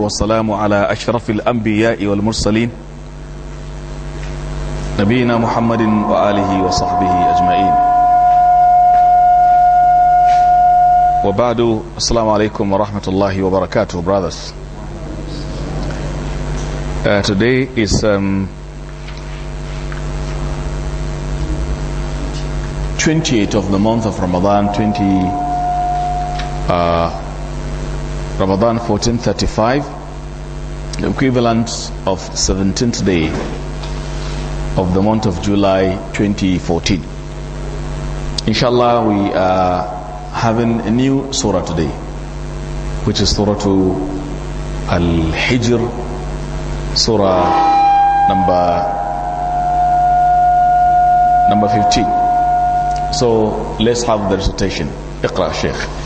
والسلام على أشرف الأنبياء والمرسلين نبينا محمد وآله وصحبه أجمعين وبعد السلام عليكم ورحمة الله وبركاته brothers uh, today is um, 28th of the month of Ramadan 20 uh, Ramadan 1435, the equivalent of 17th day of the month of July 2014. Inshallah, we are having a new surah today, which is Surah Al-Hijr, Surah number number 15. So let's have the recitation. اقرأ شيخ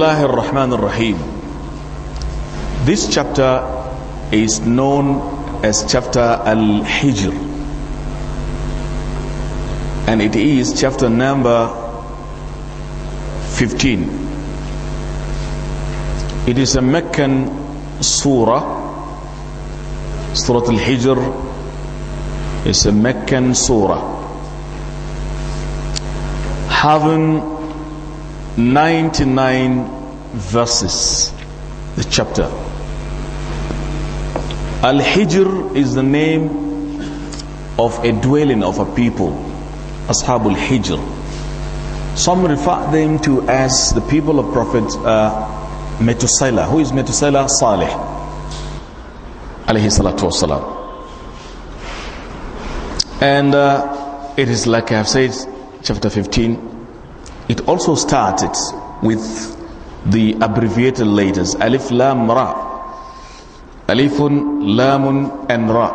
Bismillah ar-Rahman ar-Rahim. This chapter is known as chapter Al-Hijr. And it is chapter number 15. It is a Meccan surah. Surah Al-Hijr is a Meccan surah. Having 99 verses, the chapter. Al Hijr is the name of a dwelling of a people, Ashabul Hijr. Some refer them to as the people of Prophet uh, Metusela. Who is Metusela? Saleh. Alayhi salatu wasalam. And uh, it is like I have said, chapter 15. It also started with the abbreviated letters Alif Lam Ra. Alifun, Lamun and Ra.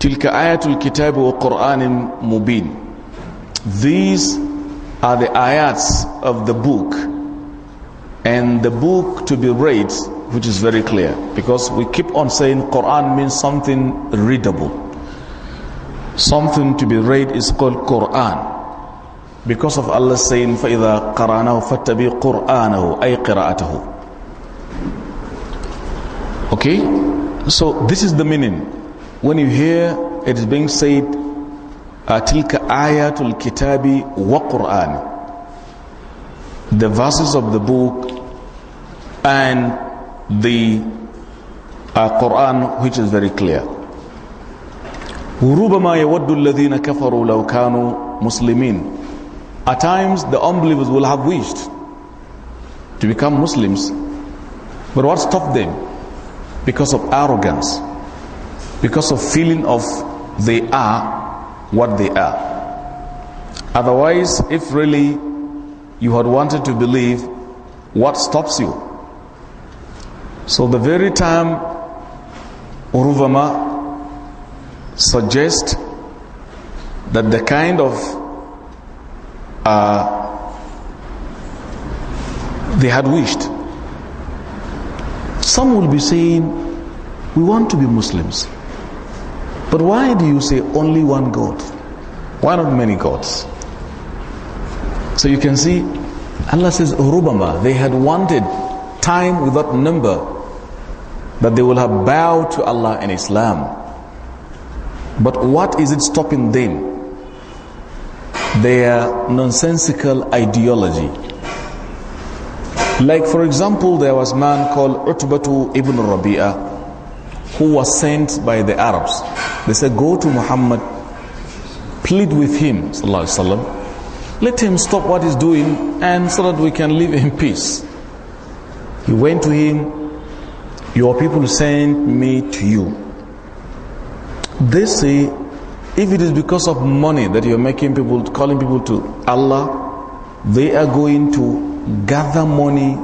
Tilka ayatul kitab wa Qur'anim mubin. These are the ayats of the book and the book to be read which is very clear because we keep on saying Quran means something readable something to be read is called Quran because of Allah saying فَإِذَا قَرَأْنَهُ فَاتَّبِي قُرْآنَهُ أي قِرَأَتَهُ okay so this is the meaning when you hear it is being said تِلْكَ آيَاتُ الْكِتَابِ وَقُرْآنِ the verses of the book and the uh, Quran which is very clear ربما يود الذين كفروا لو كانوا مسلمين At times, the unbelievers will have wished to become Muslims, but what stopped them? Because of arrogance, because of feeling of they are what they are. Otherwise, if really you had wanted to believe, what stops you? So the very time Uruvama suggests that the kind of uh, they had wished. Some will be saying, We want to be Muslims. But why do you say only one God? Why not many gods? So you can see, Allah says, Rubama, they had wanted time without number that they will have bowed to Allah and Islam. But what is it stopping them? their nonsensical ideology. Like for example, there was a man called Utbatu ibn Rabia, who was sent by the Arabs. They said, go to Muhammad, plead with him, وسلم, let him stop what he's doing and so that we can live in peace. He went to him, your people sent me to you. They say, if it is because of money that you're making people, calling people to Allah, they are going to gather money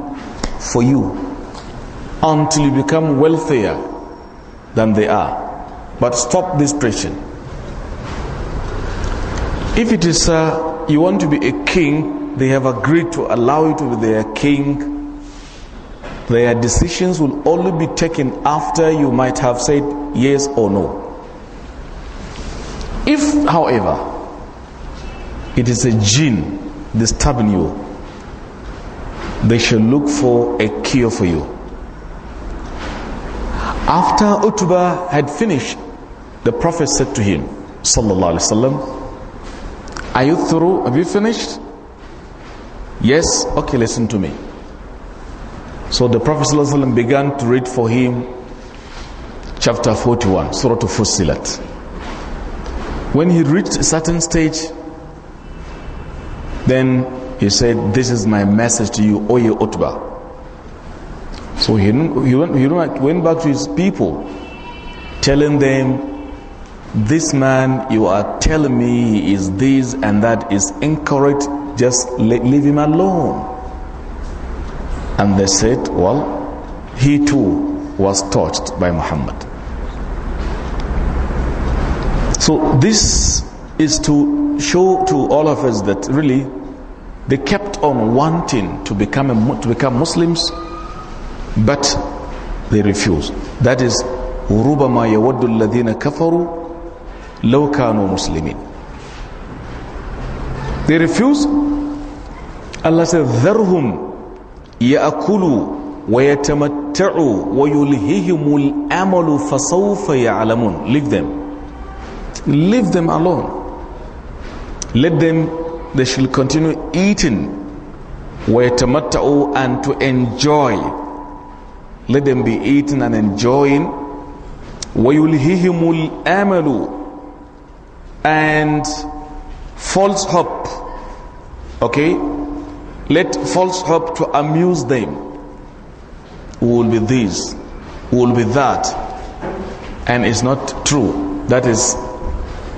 for you until you become wealthier than they are. But stop this preaching. If it is uh, you want to be a king, they have agreed to allow you to be their king. Their decisions will only be taken after you might have said yes or no. If, however, it is a jinn disturbing you, they shall look for a cure for you. After Utuba had finished, the Prophet said to him, Sallallahu Alaihi Wasallam, Are you through? Have you finished? Yes? Okay, listen to me. So the Prophet ﷺ began to read for him chapter 41, Surah Fusilat. When he reached a certain stage, then he said, This is my message to you, O ye So he, he, went, he went back to his people, telling them, This man you are telling me he is this and that is incorrect, just leave him alone. And they said, Well, he too was touched by Muhammad. So this is to show to all of us that really they kept on wanting to become a, to become Muslims, but they refused. That is, ربما يود الذين كفروا لو كانوا مسلمين. They refuse. Allah said, ذرهم يأكلوا ويتمتعوا yulihimul الأمل فسوف يعلمون. Leave them leave them alone. Let them, they shall continue eating وَيَتَمَتَّعُوا and to enjoy. Let them be eating and enjoying. وَيُلْهِهِمُ الْأَمَلُ And false hope. Okay? Let false hope to amuse them. Will be this, will be that. And it's not true. That is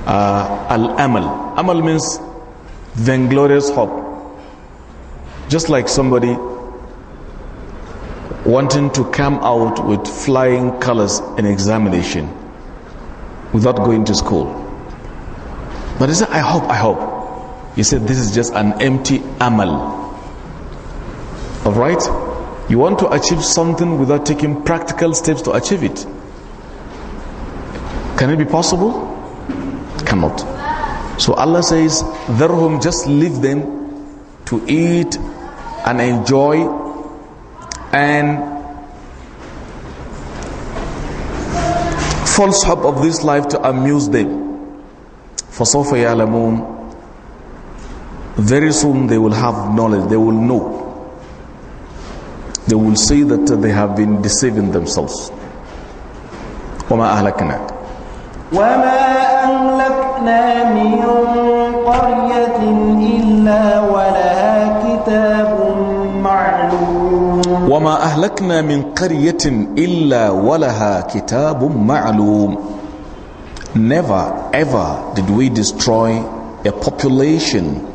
uh, al-amal. Amal means vainglorious hope. Just like somebody wanting to come out with flying colors in examination without going to school. But he said, I hope, I hope. He said, this is just an empty amal. All right? You want to achieve something without taking practical steps to achieve it. Can it be possible? cannot. So Allah says, home, just leave them to eat and enjoy and false hope of this life to amuse them. For فَسَوْفَ يَعْلَمُونَ Very soon they will have knowledge, they will know. They will see that they have been deceiving themselves. وَمَا أَهْلَكْنَا وَمَا من قرية إلا ولها كتاب معلوم وما أهلكنا من قرية إلا ولها كتاب معلوم Never ever did we destroy a population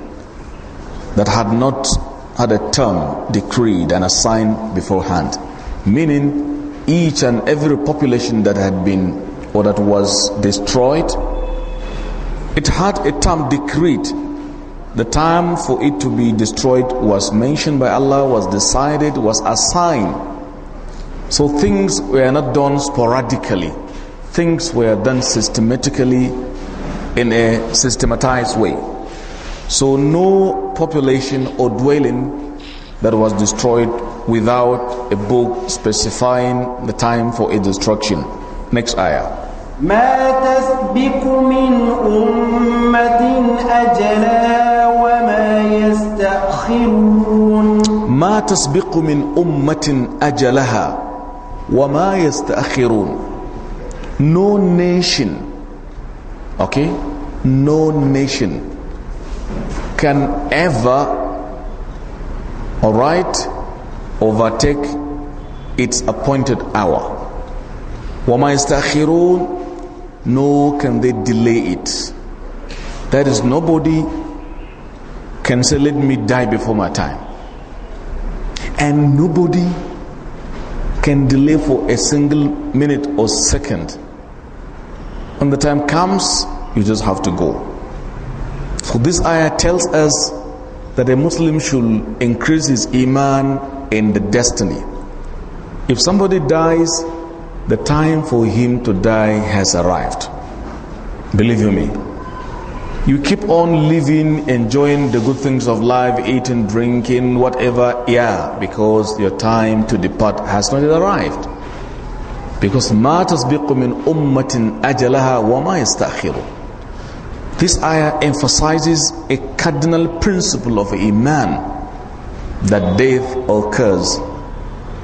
that had not had a term decreed and assigned beforehand. Meaning, each and every population that had been or that was destroyed it had a time decreed. The time for it to be destroyed was mentioned by Allah, was decided, was assigned. So things were not done sporadically. Things were done systematically in a systematized way. So no population or dwelling that was destroyed without a book specifying the time for its destruction. Next ayah. ما تسبق من أمة أجلا وما يستأخرون ما تسبق من أمة أجلها وما يستأخرون No nation okay no nation can ever Alright overtake its appointed hour وما يستأخرون nor can they delay it. That is, nobody can say, Let me die before my time. And nobody can delay for a single minute or second. When the time comes, you just have to go. So, this ayah tells us that a Muslim should increase his iman in the destiny. If somebody dies the time for him to die has arrived. Believe you me. You keep on living, enjoying the good things of life, eating, drinking, whatever, yeah, because your time to depart has not yet arrived. Because مَا تَسْبِقُ ummatin أُمَّةٍ أَجَلَهَا وَمَا This ayah emphasizes a cardinal principle of Iman, that death occurs,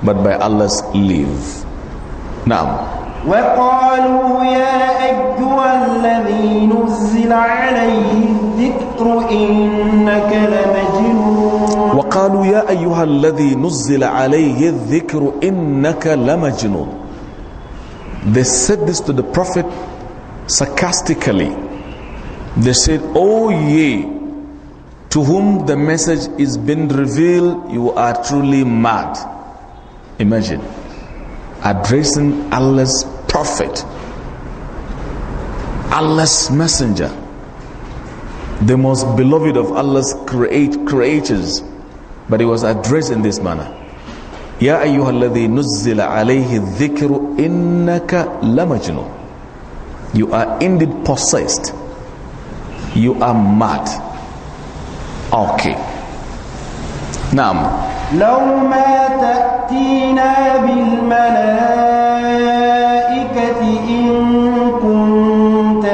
but by Allah's leave. نعم وقالوا يا أيها الذي نزل عليه الذكر إنك لمجنون وقالوا يا أيها الذي نزل عليه الذكر إنك لمجنون They said this to the Prophet sarcastically. They said, Oh ye, to whom the message is been revealed, you are truly mad. Imagine. addressing Allah's prophet, Allah's messenger, the most beloved of Allah's create creatures, but he was addressed in this manner. Ya أيها الذي نزل alayhi الذكر إنك لمجنون You are indeed possessed. You are mad. Okay. Now, لو ما تأتينا بالملائكة إن كنت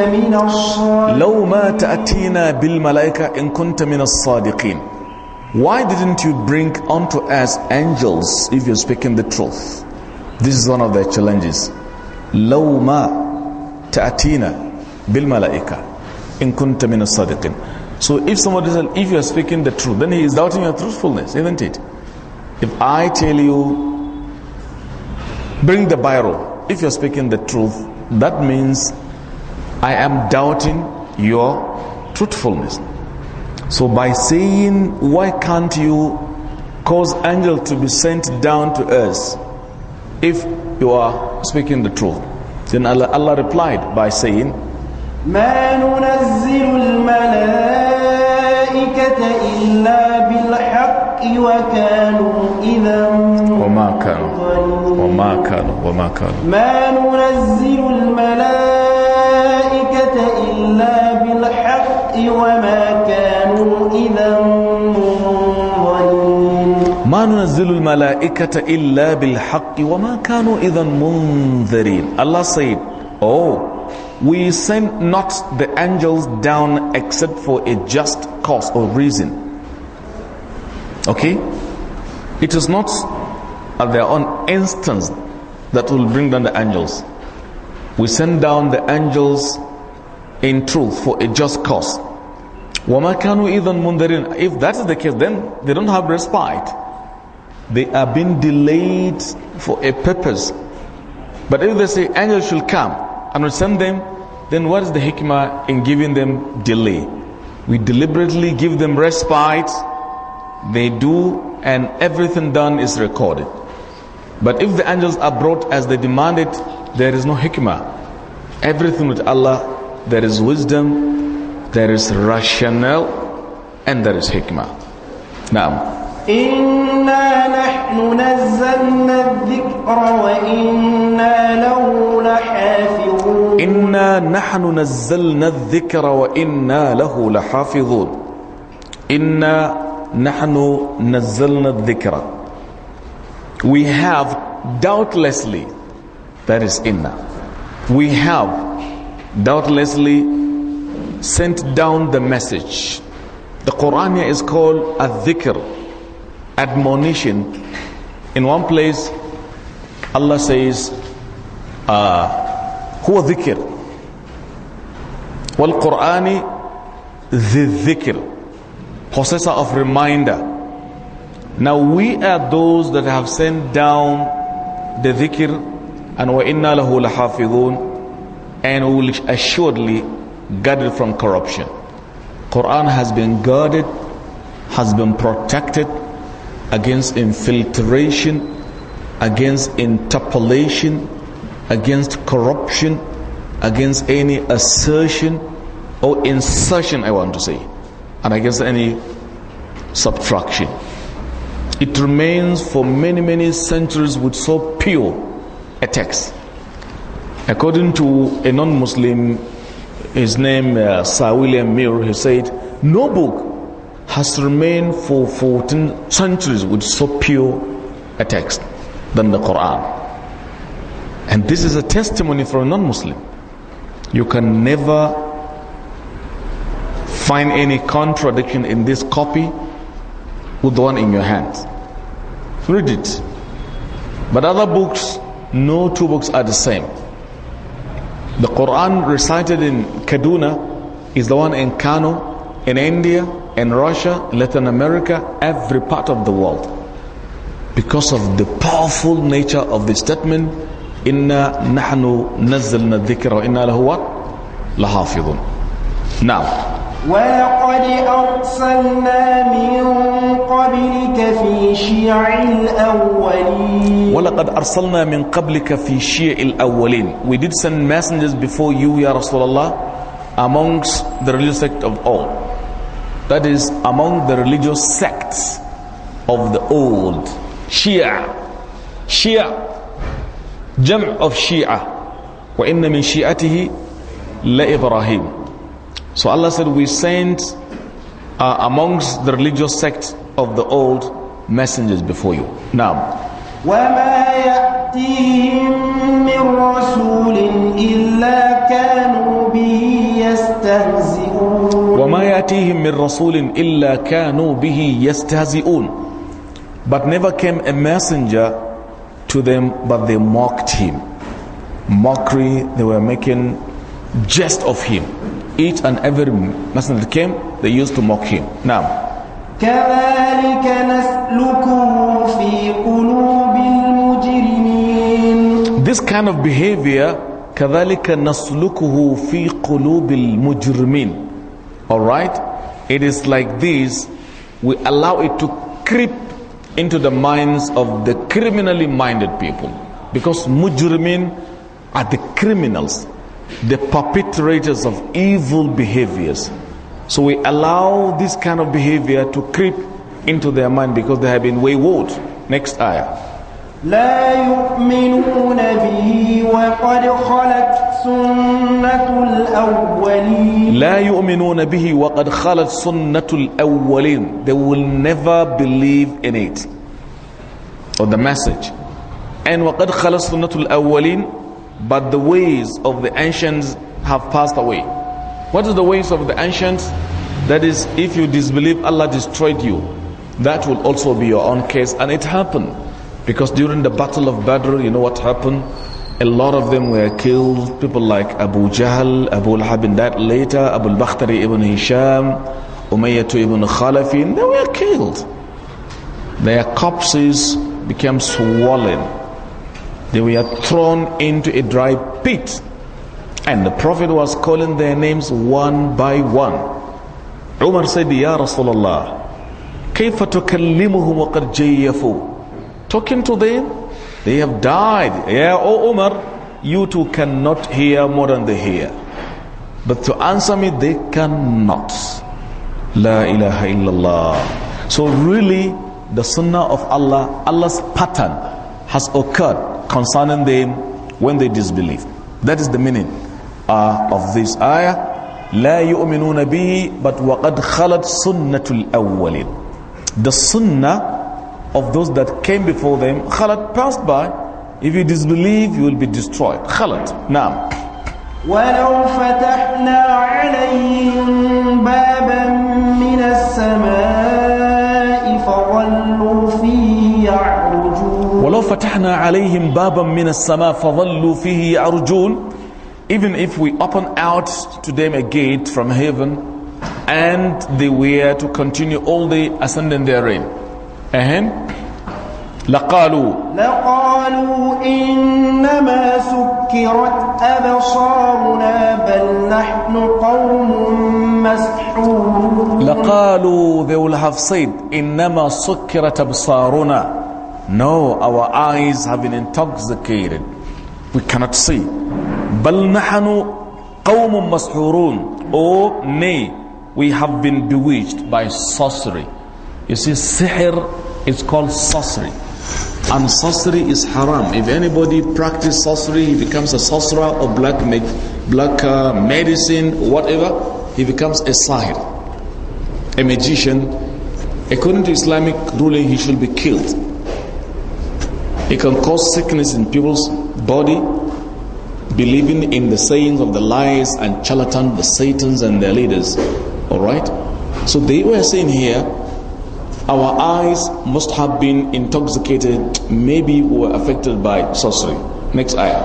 من الصادقين لو ما تأتينا بالملائكة إن كنت من الصادقين Why didn't you bring unto us angels if you're speaking the truth? This is one of the challenges. لو ما تأتينا بالملائكة إن كنت من الصادقين So if somebody says, if you are speaking the truth, then he is doubting your truthfulness, isn't it? If I tell you, bring the Bible, if you're speaking the truth, that means I am doubting your truthfulness. So by saying, why can't you cause angel to be sent down to us if you are speaking the truth? Then Allah, Allah replied by saying, ما ننزل الملائكة إلا وكانوا إذا وما كانوا وما كانوا وما كانوا ما ننزل الملائكة إلا بالحق وما كانوا إذا ما ننزل الملائكة إلا بالحق وما كانوا إذا منذرين Allah said Oh we send not the angels down except for a just cause or reason Okay? It is not at their own instance that will bring down the angels. We send down the angels in truth for a just cause. وَمَا كَانُوا إِذًا مُنذَرِينَ If that is the case, then they don't have respite. They are being delayed for a purpose. But if they say angels shall come and we send them, then what is the hikmah in giving them delay? We deliberately give them respite they do and everything done is recorded. But if the angels are brought as they demand it, there is no hikmah. Everything with Allah, there is wisdom, there is rationale, and there is hikmah. Now. إنا نحن نزلنا الذكر وإنا له لحافظون إنا نحن نزلنا الذكر وإنا له لحافظون إنا نحن نزلنا الذكر we have doubtlessly that is inna we have doubtlessly sent down the message the Quran is called a dhikr admonition in one place Allah says uh, huwa dhikr wal Qur'ani dhikr possessor of reminder. Now we are those that have sent down the dhikr and wa inna lahu lahafidhun and will assuredly guard it from corruption. Quran has been guarded, has been protected against infiltration, against interpolation, against corruption, against any assertion or insertion I want to say and against any subtraction. It remains for many, many centuries with so pure a text. According to a non Muslim, his name uh, Sir William Mill, he said, No book has remained for 14 centuries with so pure a text than the Quran. And this is a testimony for a non Muslim. You can never find any contradiction in this copy with the one in your hand. Read it. But other books, no two books are the same. The Quran recited in Kaduna is the one in Kano, in India, in Russia, Latin America, every part of the world. Because of the powerful nature of the statement, Inna nahnu nazzalna dhikra inna lahu what? Lahafidun. Now, ولقد أرسلنا من قبلك في شيع الأولين ولقد أرسلنا من قبلك في شيع الأولين We did send messengers before you يا رسول الله amongst the religious sect of all that is among the religious sects of the old Shia Shia جمع of Shia وإن من شيعته لإبراهيم So Allah said, we sent uh, amongst the religious sects of the old messengers before you. Now, وما يأتيهم من رسول إلا كانوا به يستهزئون But never came a messenger to them, but they mocked him. Mockery, they were making jest of him each and every messenger that came, they used to mock him. Now. This kind of behavior كذلك نسلكه في قلوب المجرمين Alright? It is like this we allow it to creep into the minds of the criminally minded people because mujrimin are the criminals the perpetrators of evil behaviors. So we allow this kind of behavior to creep into their mind because they have been wayward. Next ayah. لا يؤمنون به وقد خلت سنة الأولين لا يؤمنون به وقد خلت سنة الأولين They will never believe in it. Or the message. And وقد خلت سنة الأولين but the ways of the ancients have passed away. What is the ways of the ancients? That is, if you disbelieve Allah destroyed you, that will also be your own case. And it happened because during the battle of Badr, you know what happened? A lot of them were killed. People like Abu Jahl, Abu Lahab, and that later, Abu Bakr bakhtari ibn Hisham, Umayyah ibn Khalafin, they were killed. Their corpses became swollen they were thrown into a dry pit. And the Prophet was calling their names one by one. Umar said, Ya Rasulullah, كيف تكلمهم وقد جيفوا Talking to them, they have died. Yeah, O Umar, you two cannot hear more than they hear. But to answer me, they cannot. La ilaha illallah. So really, the sunnah of Allah, Allah's pattern has occurred concerning them when they disbelieve. That is the meaning uh, of this ayah. لا يؤمنون به but وقد خلت سنة الأولين The sunnah of those that came before them خلت passed by If you disbelieve you will be destroyed خلت نعم ولو فتحنا عليهم بابا من السماء ولو فتحنا عليهم بابا من السماء فظلوا فيه يعرجون even if we open out to them a gate from heaven and they were to continue all the ascending therein ahem لقالوا لقالوا إنما سكرت أبصارنا بل نحن قوم مسحورون لقالوا they will have said إنما سكرت أبصارنا No, our eyes have been intoxicated. We cannot see. بل نحن قوم مسحورون oh, nay we have been bewitched by sorcery you see sihr is called sorcery and sorcery is haram if anybody practices sorcery he becomes a sorcerer or black black uh, medicine whatever he becomes a sahir a magician according to islamic ruling he should be killed it can cause sickness in people's body, believing in the sayings of the liars and charlatans, the satans and their leaders. Alright? So they were saying here, our eyes must have been intoxicated, maybe were affected by sorcery. Next ayah.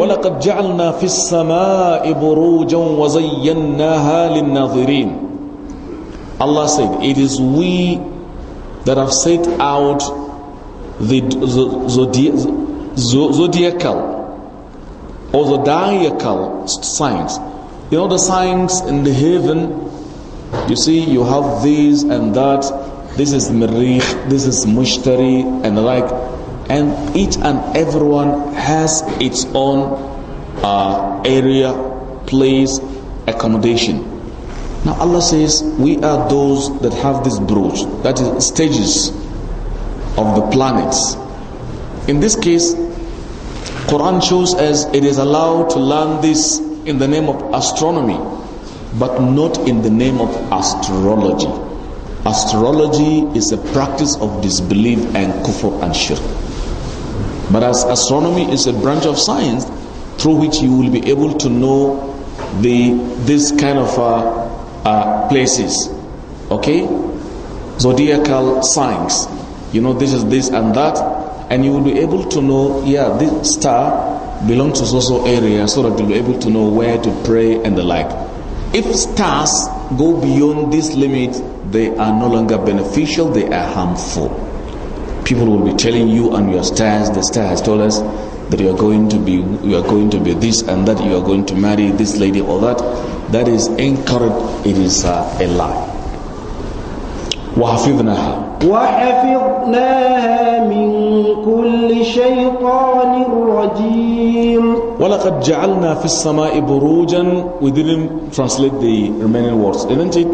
وَلَقَدْ جَعَلْنَا فِي السَّمَاءِ بُرُوجًا وَزَيَّنَّاهَا لِلنَّاظِرِينَ Allah said, it is we that have set out the zodiacal or zodiacal signs. You know the signs in the heaven, you see you have this and that, this is Merich, this is Mushtari and the like and each and everyone has its own uh, area, place, accommodation. Now Allah says, we are those that have this brooch, that is stages of the planets. In this case, Quran shows us it is allowed to learn this in the name of astronomy, but not in the name of astrology. Astrology is a practice of disbelief and kufr and shirk. But as astronomy is a branch of science through which you will be able to know the this kind of uh, uh, places, okay? Zodiacal signs, you know this is this and that, and you will be able to know, yeah, this star belongs to so-so area, so that you'll be able to know where to pray and the like. If stars go beyond this limit, they are no longer beneficial; they are harmful people will be telling you and your stars, the star has told us that you are going to be you are going to be this and that you are going to marry this lady or that. That is incorrect. It is uh, a lie. وحفظناها وحفظناها من كل شيطان رجيم ولقد جعلنا في السماء بروجا we didn't translate the remaining words isn't it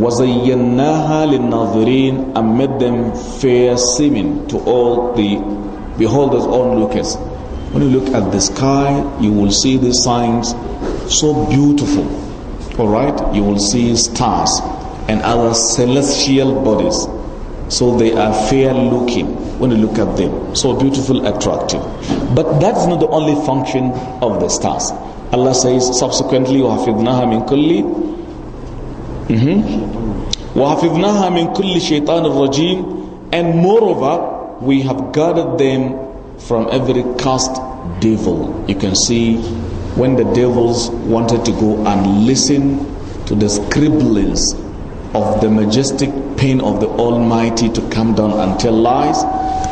وزيناها للناظرين and made them fair seeming to all the beholders onlookers, lookers when you look at the sky you will see these signs so beautiful all right you will see stars and other celestial bodies so they are fair looking when you look at them. So beautiful, attractive. But that's not the only function of the stars. Allah says subsequently, وَحَفِظْنَاهَا مِنْ كُلِّ وَحَفِظْنَاهَا مِنْ كُلِّ شَيْطَانِ الرَّجِيمِ And moreover, we have guarded them from every cast devil. You can see when the devils wanted to go and listen to the scribblings of the majestic pain of the Almighty to come down and tell lies,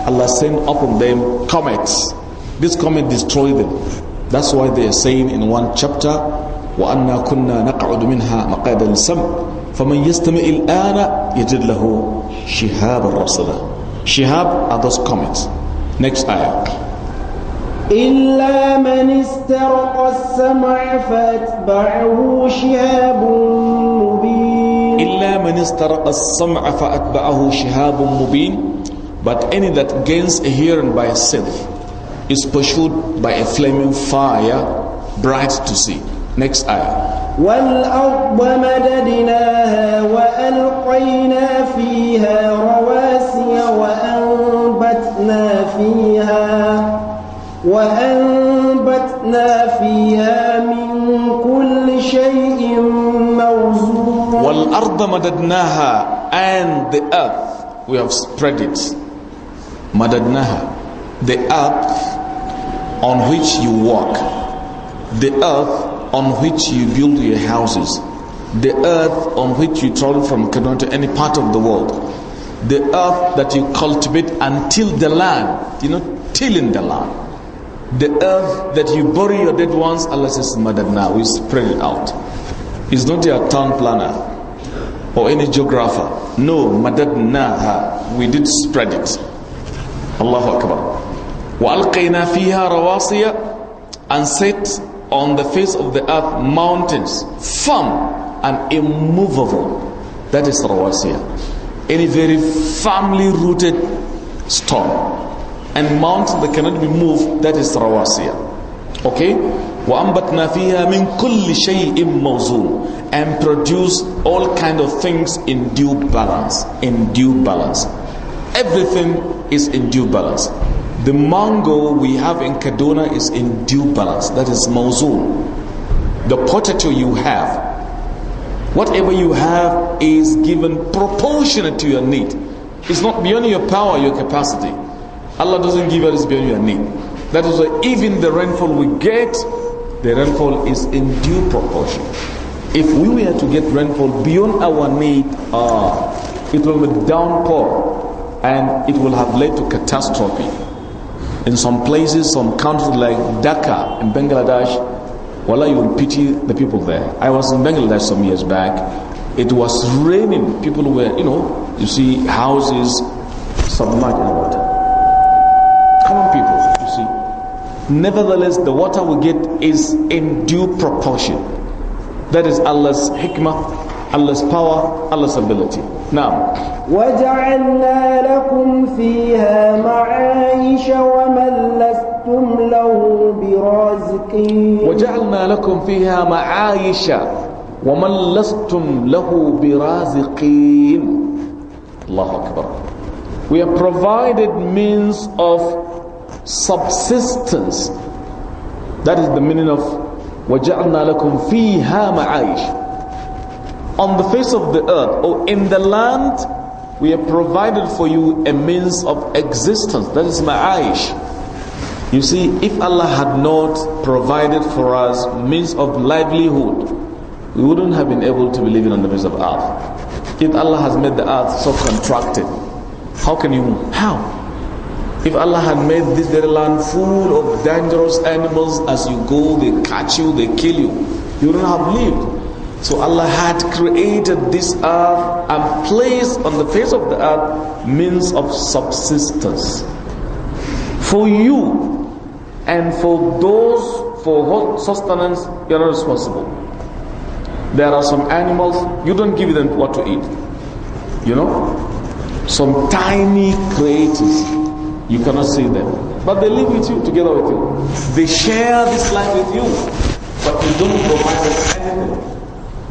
Allah sent upon them comets. This comet destroyed them. That's why they are saying in one chapter, وَأَنَّا كُنَّا نَقْعُدُ مِنْهَا مَقَادَ الْسَمْءِ فَمَنْ يَسْتَمِعِ الْآنَ يَجِدْ لَهُ شِهَابًا رَصَدًا Shihab are those comets. Next ayah. إلا من استرق السمع فاتبعه شهاب مبين man istaraqa as-sam'a fa'atba'ahu shihabun mubin but any that gains a hearing by itself is pursued by a flaming fire bright to see next ayah Arda Madadnaha And the earth, we have spread it. Madadnaha, The earth on which you walk. The earth on which you build your houses. The earth on which you travel from Kaduna to any part of the world. The earth that you cultivate and till the land. You know, tilling the land the earth that you bury your dead ones, Allah says, Madadna, we spread it out. is not your town planner or any geographer. No, madadnaha. We did spread it. Allahu Akbar. وَأَلْقَيْنَا فِيهَا رَوَاسِيَ And set on the face of the earth mountains, firm and immovable. That is rawasiya. Any very firmly rooted stone. And mountain that cannot be moved, that is rawasiya. Okay? وَأَنْبَتْنَا فِيهَا مِنْ كُلِّ شَيْءٍ مَوْزُونٍ And produce all kind of things in due balance. In due balance. Everything is in due balance. The mango we have in Kaduna is in due balance. That is Mosul. The potato you have, whatever you have is given proportionate to your need. It's not beyond your power, your capacity. Allah doesn't give us beyond your need. That is why even the rainfall we get the rainfall is in due proportion. If we were to get rainfall beyond our need, uh, it will be downpour and it will have led to catastrophe. In some places, some countries like Dhaka in Bangladesh, well, you will pity the people there. I was in Bangladesh some years back. It was raining. People were, you know, you see houses submerged Nevertheless, the water we get is in due proportion. That is Allah's hikmah Allah's power, Allah's ability. Now. وَجَعَلْنَا لَكُمْ فِيهَا مَعَايِشَ وَمَنْ لَسْتُمْ لَهُ بِرَازِقِينَ وَجَعَلْنَا لَكُمْ فِيهَا مَعَايِشَ وَمَنْ لَسْتُمْ لَهُ بِرَازِقِينَ Allah Akbar. We have provided means of subsistence. That is the meaning of وَجَعْنَا لَكُمْ فِيهَا مَعَيْشِ On the face of the earth or in the land, we have provided for you a means of existence. That is ma'aish. You see, if Allah had not provided for us means of livelihood, we wouldn't have been able to be living on the face of earth. If Allah has made the earth so contracted, how can you? How? If Allah had made this very land full of dangerous animals, as you go, they catch you, they kill you. You don't have lived. So Allah had created this earth and placed on the face of the earth means of subsistence. For you and for those for what sustenance you are responsible. There are some animals, you don't give them what to eat. You know? Some tiny creatures you cannot see them. But they live with you, together with you. They share this life with you, but you don't provide them anything.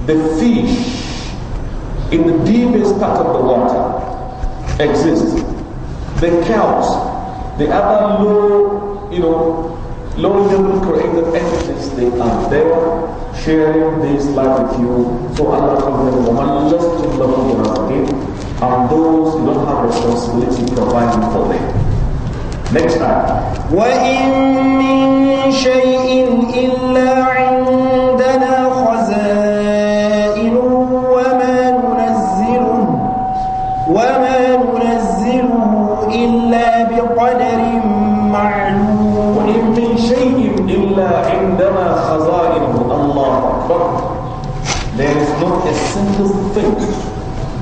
The fish in the deepest part of the water exists. The cows, the other low, you know, low-level created entities, they are there sharing this life with you. So Allah calls them woman less to love and those who don't have responsibility providing for Next time. شَيْءٍ إِلَّا عِندَنَا خَزَائِنُهُ وَمَا نُنَزِّلُهُ وَمَا نُنَزِّلُهُ إِلَّا بِقَدَرٍ مَّعْلُومٍ وَإِن شَيْءٍ إِلَّا عِندَنَا خَزَائِنُهُ الله أكبر There is not a single thing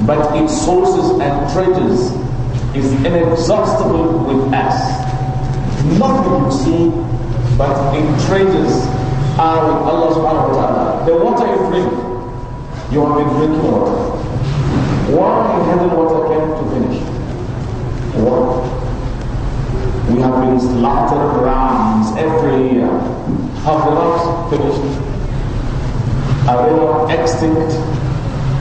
but its sources and treasures is inexhaustible with us. Nothing you see but in treasures are with Allah subhanahu wa ta'ala. The water you drink, you have been drinking water. Why in heaven water came to finish? What? We have been slaughtered rams every year. Have the rams finished? Are they not extinct?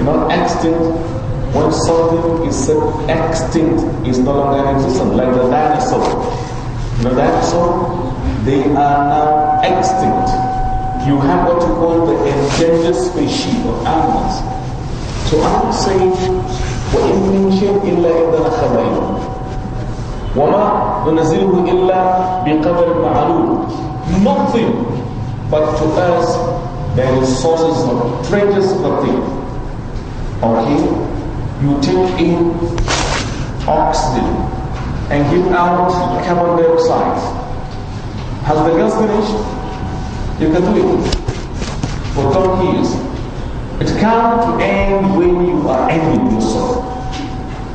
They're not extinct. When something is said extinct, is no longer in existence, like the dinosaur. The dinosaur, they are now extinct. You have what you call the endangered species of animals. So I'm saying, وَإِن مِّن شَيْءٍ إِلَّا إِذَا خَبَيْنُ وما ننزله إلا بقدر معلوم nothing but to us there is sources of treasures of things okay you take in oxygen and give out carbon dioxide. Has the gas finished? You can do it for 30 years. It can to end when you are ending yourself.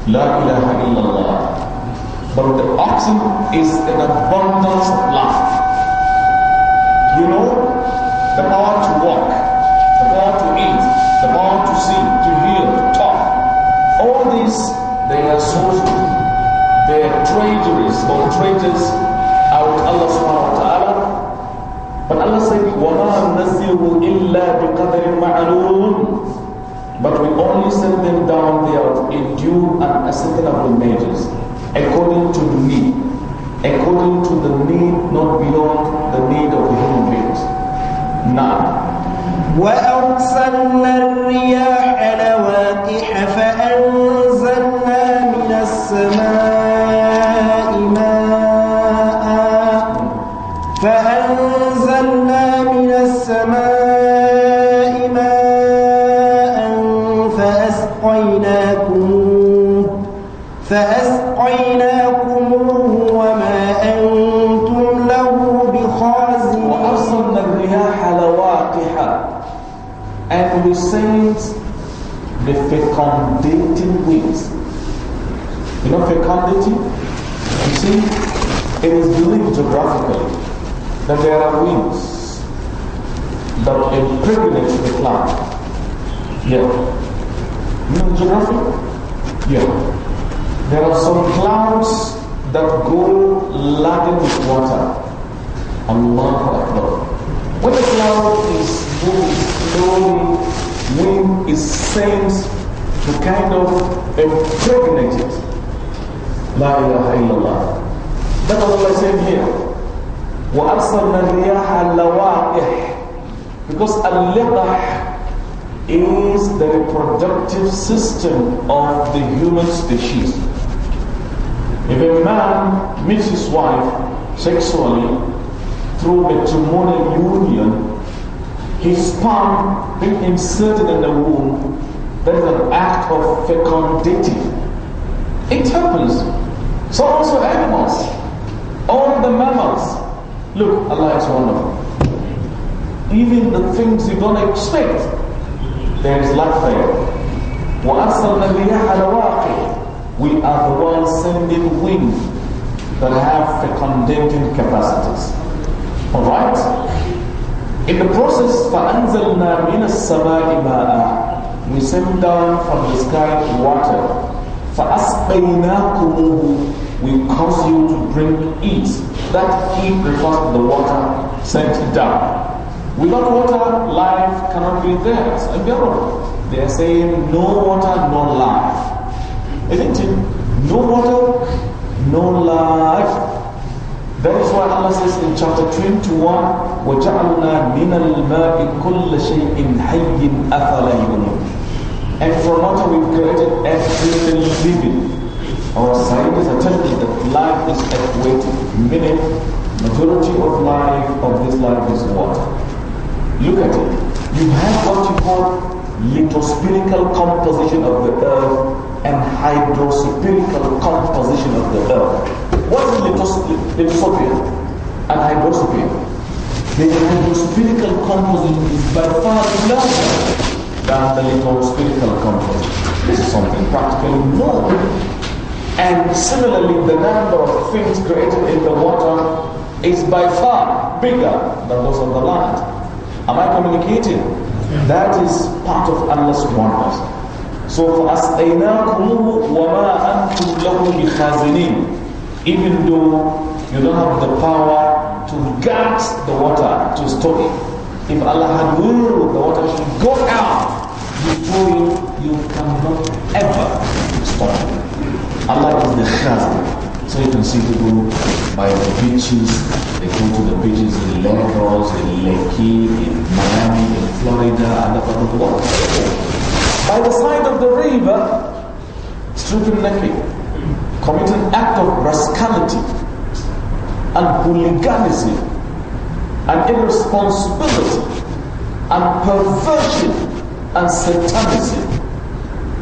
La ilaha illallah. But the oxygen is an abundance of life. You know, the power to walk, the power to eat, the power to see, to hear, all these, they are sourced, their treasuries or treasures out Allah subhanahu wa ta'ala. But Allah said, وَمَا نَسِرُ إِلَّا بِقَدْرٍ مَعْلُومٍ But we only send them down there in due and ascertainable measures, according to the need, according to the need not beyond the need of the human beings. Now, وأرسلنا الرياح لواقح فأنزلنا من السماء fecundating wings. You know fecundating? You see, it is believed geographically that there are wings that impregnate the plant. Yeah. You know geography? Yeah. There are some clouds that go laden with water. Allah Akbar. When the cloud is moving slowly, wind is sent to kind of impregnate it. La ilaha illallah. That's what Allah said here. وَأَرْسَلْنَا الرِّيَاحَ اللَّوَاقِحِ Because al-liqah is the reproductive system of the human species. If a man meets his wife sexually through matrimonial union, his sperm being inserted in the womb that is an act of fecundity. It happens. So also animals, all the mammals. Look, Allah is wonderful. Even the things you don't expect, there is life there. وَأَرْسَلْنَا الْرِيَاحَ لَوَاقِعِ We are the ones sending wind that have fecundating capacities. Alright? In the process, فَأَنْزَلْنَا مِنَ السَّمَاءِ مَاءً we sent down from the sky water. فَأَسْقَيْنَاكُمُهُ We cause you to drink it. That He refers to the water sent down. Without water, life cannot be there. It's unbearable. They are saying, no water, no life. Isn't it? No water, no life. That is why Allah says in chapter 21, وَجَعَلْنَا مِنَ الْمَاءِ كُلَّ شَيْءٍ حَيٍّ أَفَلَا and from water we've created everything living. Our scientists are telling us that life is at weight, meaning majority of life of this life is water. Look at it. You have what you call lithospherical composition of the earth and hydrospherical composition of the earth. What is lithospheric? and hydrosphere? The hydrospherical composition is by far larger the little spiritual comfort. This is something practically new. And similarly, the number of things created in the water is by far bigger than those on the land. Am I communicating? Yeah. That is part of Allah's wonders. So فَأَسْقَيْنَاكُمُ وَمَا أَنْتُمْ لَهُ بِخَازِنِينَ Even though you don't have the power to guard the water, to stop it. If Allah had willed, the water should go out before you you cannot ever stop. Allah is the Khazir. So you can see people by the beaches, they go to the beaches in Lagos, in Lekki, in Miami, in Florida, and all over the world. By the side of the river, stripping naked, committing act of rascality and hooliganism and irresponsibility and perversion and satanism.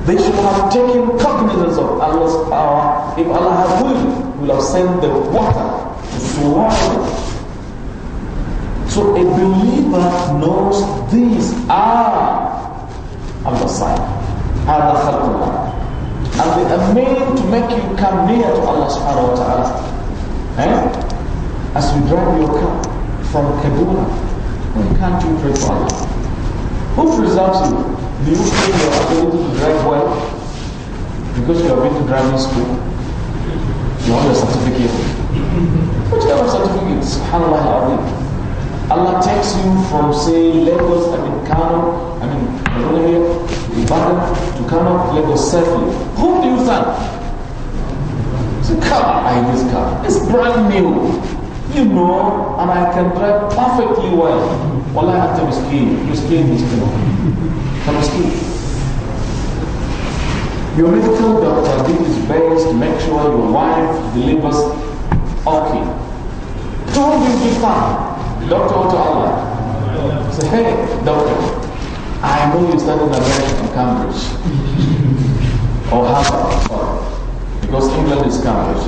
They should have taken cognizance of Allah's power. If Allah had willed, will have sent the water to swallow So a believer knows these are Allah's sign, Allah khalqullah. And they are made to make you come near to Allah subhanahu wa ta'ala. Eh? As you drive your car from Kaduna, why can't you pray for Allah? Who preserves you? Do you feel your ability to drive well? Because you have been to driving school. You want a certificate. What kind of certificate? SubhanAllah Allah. Allah takes you from, say, Lagos, I mean, Kano, I mean, here, Ibadan, to Kano, Lagos safely. Whom do you thank? So, car, I have this car. It's brand new. You know, and I can drive perfectly well. والله أنت مسكين مسكين مسكين أنت مسكين Your medical doctor did his best to make sure your wife delivers okay. Don't be fine. Doctor to Allah. Say, hey, doctor, I know you studied American in Cambridge. or Harvard, sorry. Because England is Cambridge.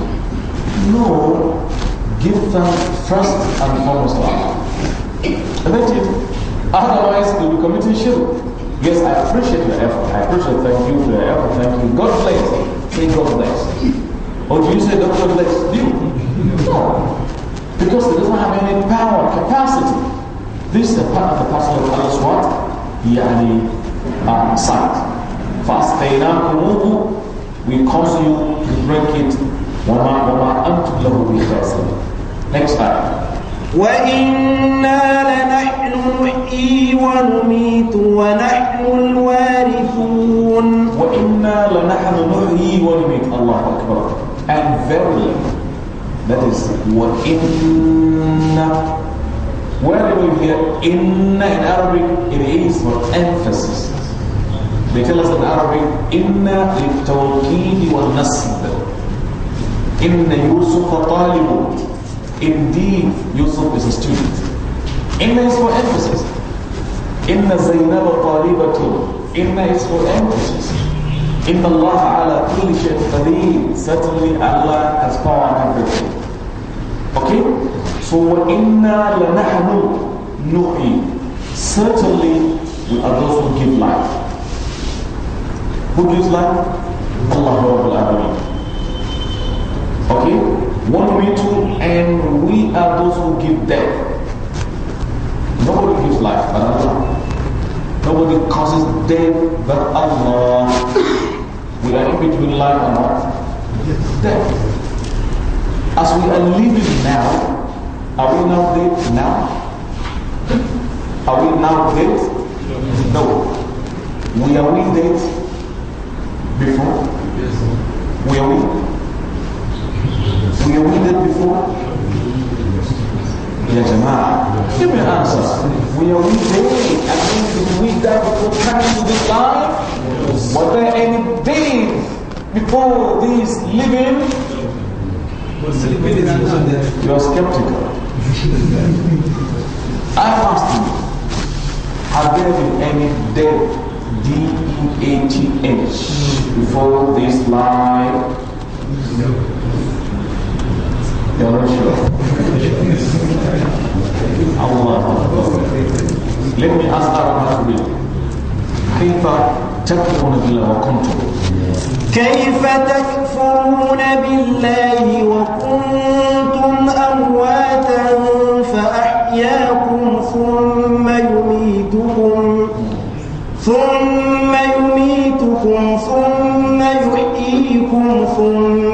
No, give them first and foremost to Allah it. Otherwise, they'll be committing shirk. Yes, I appreciate your effort. I appreciate thank you for your effort. Thank you. God bless. Say God bless. Or do you say God bless you? No. Because it doesn't have any power, capacity. This is a part of the person of Allah's what? Yani uh, sight. فَاسْتَيْنَاكُمُوهُ We cause you to drink it. وَمَا وَمَا أَنْتُمْ لَهُ بِخَاسِرٍ Next time. وإنا لنحن نحيي ونميت ونحن الوارثون وإنا لنحن نحيي ونميت الله أكبر and verily that is وإنا do we hear إن in Arabic it is for emphasis they tell us in Arabic إن للتوكيد والنصب إن يوسف طالب Indeed, Yusuf is a student. Inna is for emphasis. Inna Zainab talibatu. Inna is for emphasis. Inna Allah ala kulli shaykh Certainly Allah has power on everything. Okay? So, inna lanahnu nuhi. Certainly, we are those who give life. Who gives life? Allah Rabbul Alameen. Okay? One beetle, and we are those who give death. Nobody gives life but Allah. Nobody causes death but Allah. We are in between life and not Death. As we are living now, are we now dead now? Are we now dead? No. We are we dead before? Yes. We are we? We are with there before? Yeah, Jama'ah. Give me an answer. are with there? I mean, did we die before coming to this life? Was there any day before this living? You are skeptical. I asked you, have there been any death, D-E-A-T-H, before this life? No. Yorushua. Allah. Let me كيف تكفرون بالله وكنتم كيف تكفرون بالله وكنتم أمواتا فأحياكم ثم يميتكم ثم يميتكم ثم يحييكم ثم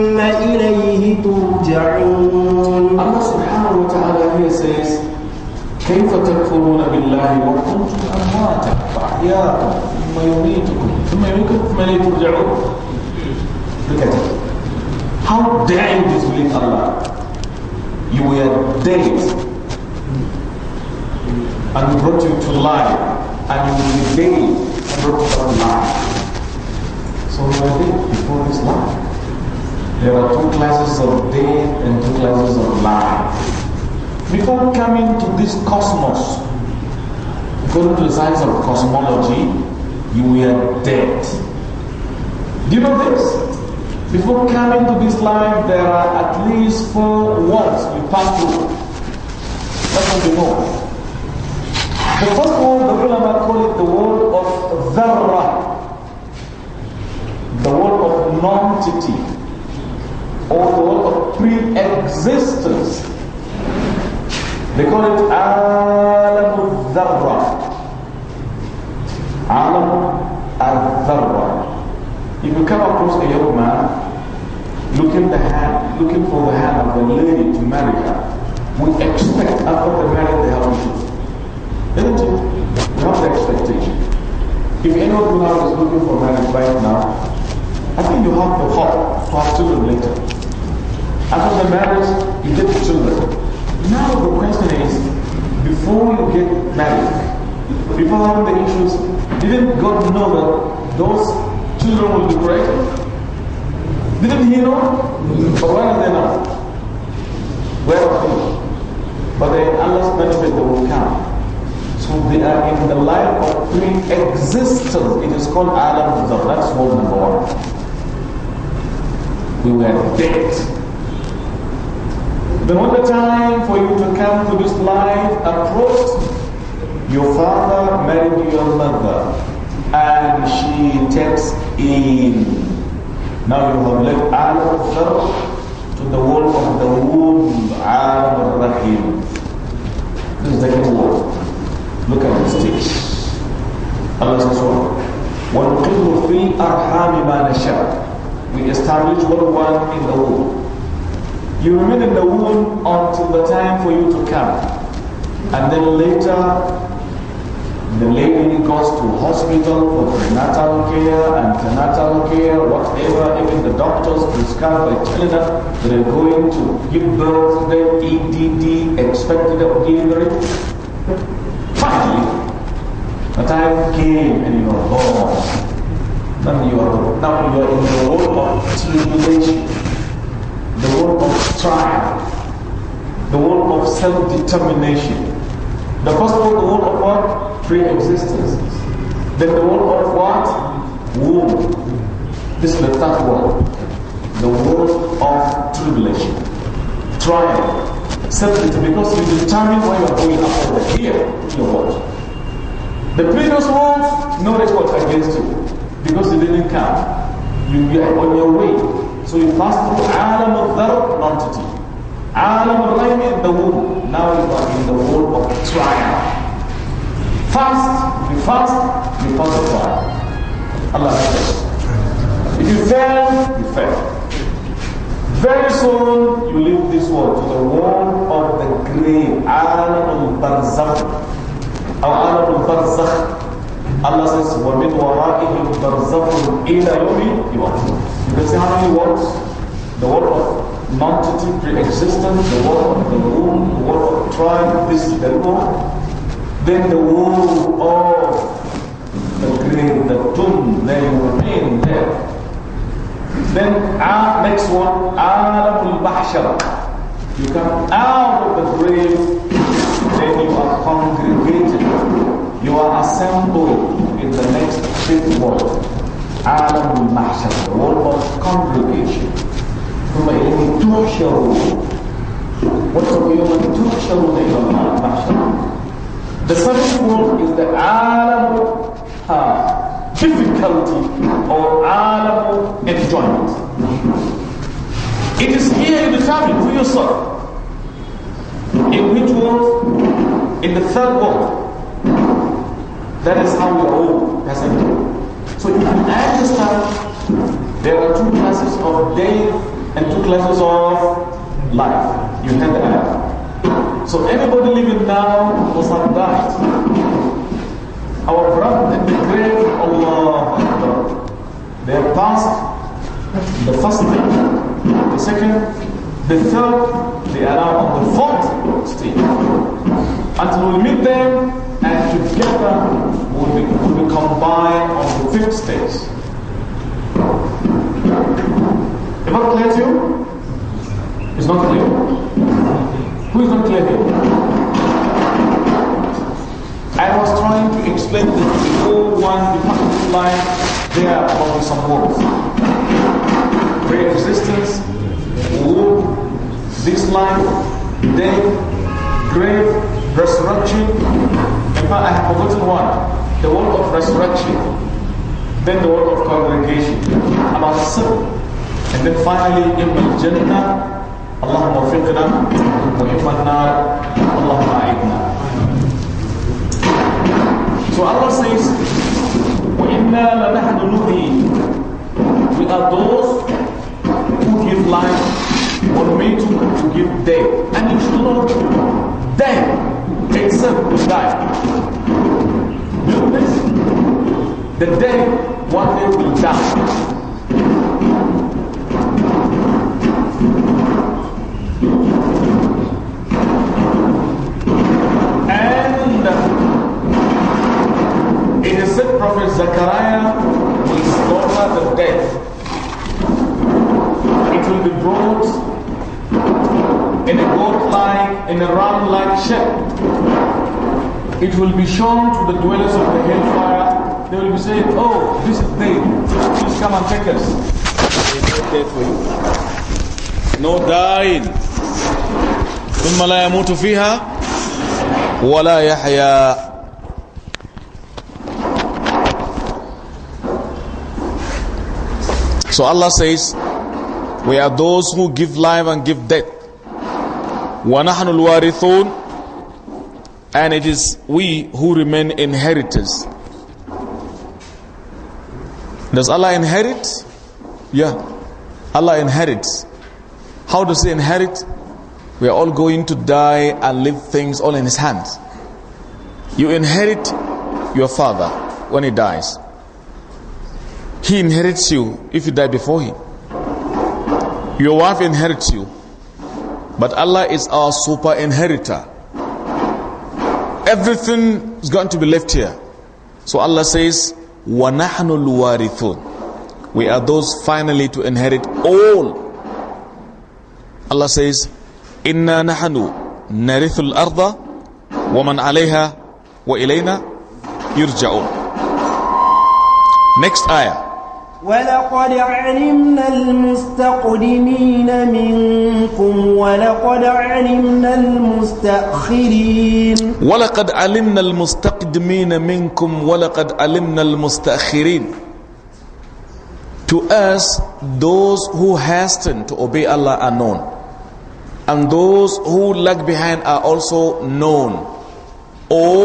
كيف تكفرون بالله وكنتم أمواتا فأحياكم ثم يميتكم ثم يميتكم ثم إليه ترجعون بكتب How dare you disbelieve Allah? You were dead and brought you to life and you dead and brought you to life. So you are dead before this life. There are two classes of death and two classes of life. Before coming to this cosmos, according to the science of cosmology, you were dead. Do you know this? Before coming to this life, there are at least four worlds you pass through. That's what know. The first world, the ulama call it the world of dharra, the world of non-entity, or the world of pre-existence. They call it Alam al-Dharra. Alam al-Dharra. If you come across a young man looking, the hand, looking for the hand of a lady to marry her, we expect after the marriage they have issues. Isn't it? We have the expectation. If anyone who now is looking for marriage right now, I think you have the hope to have children later. After the marriage, you get children. Now the question is, before you get married, before having the issues, didn't God know that those children will be great? Didn't he know? But where are they now? Where are they? But then Allah's benefit, they will come. So they are in the life of pre-existence. It is called Adam the That's world We were dead. When the time for you to come to this life approached, your father married your mother and she takes in. Now you have left Al-Fir to the world of the womb, Al-Rahim. This is the new world. Look at this text. Allah says what? وَنُقِرُّ فِي أَرْحَامِ مَا نَشَاءُ We establish what one in the womb. You remain in the womb until the time for you to come. And then later, the lady goes to hospital for prenatal care and prenatal care, whatever, even the doctors prescribe by telling her they're going to give birth to the EDD, expected delivery. Finally, the time came and you are born. Then you are, now you are in the world of tribulation the one of trial, the one of self-determination. The first one, the one of what? Pre-existence. Then the one of what? Womb. This is the third one. The world of tribulation, trial, self-determination. Because you determine where you are going after the year in your world. The previous ones, no record against you because you didn't come. You are on your way. So you pass through alam of the not to Alam of the in the womb. Now you are in the world of trial. Fast, you fast, you pass the trial. Allah says. If you fail, you fail. Very soon you leave this world to the world of the grave, Alam al-Barzakh. Alam al-Barzakh. Allah says, وَمِنْ وَرَائِهِمْ بَرْزَخٌ إِلَى يَوْمِ يُوَحْمُونَ That's how many words? The word of multitude, pre-existence, the word of the womb, the word of tribe, this is the word. Then the womb of the green, the tomb, they remain there. Then our next one, the Bahshara. You come out of the grave, then you are congregated. You are assembled in the next fifth world. عالم المحشر world of congregation ثم إليه تحشرون واتقوا يوما تحشرون إلى الله المحشر The second world is the عالم uh, difficulty or عالم enjoyment It is here you determine for yourself in which world? In the third world. That is how we are all passing so if you add this there are two classes of day and two classes of life. You the Adam. So everybody living now was have died. Our brother in the grave, Allah Akbar. They are past the first day, the second, the third, they are now on the fourth stage. Until we meet them, and together would be, would be combined on the fifth stage. Am I clear to you? It's not clear. Who is not clear to you? I was trying to explain the whole one department line there are probably some words. Pre existence, this life, Then grave, resurrection. In fact, I have forgotten one. The word of resurrection, then the word of congregation, about seven. And then finally, in the Jannah, اللهم وفقنا وإما النار اللهم aidna So Allah says وإنا لنحن نحيي We are those who give life or made to, to give death and you should not them except to die. Do this, the dead one day will die. And uh, it is said Prophet Zechariah will slaughter the dead. It will be brought in a goat-like, in a ram-like shape. It will be shown to the dwellers of the hellfire. They will be saying, oh, this is they. Please come and take us. They for you. No dying. ثم لا يموت فيها ولا يحيى So Allah says, we are those who give life and give death. وَنَحْنُ الْوَارِثُونَ And it is we who remain inheritors. Does Allah inherit? Yeah. Allah inherits. How does He inherit? We are all going to die and leave things all in His hands. You inherit your father when he dies. He inherits you if you die before him. Your wife inherits you but Allah is our super inheritor. Everything is going to be left here. So Allah says, وَنَحْنُ الْوَارِثُونَ We are those finally to inherit all. Allah says, إِنَّا نَحْنُ نَرِثُ الْأَرْضَ وَمَنْ عَلَيْهَا وَإِلَيْنَا يُرْجَعُونَ Next ayah. ولقد علمنا المستقدمين منكم ولقد علمنا المستأخرين ولقد علمنا المستقدمين منكم ولقد علمنا المستأخرين To us, those who hasten to obey Allah are known. And those who lag behind are also known. Or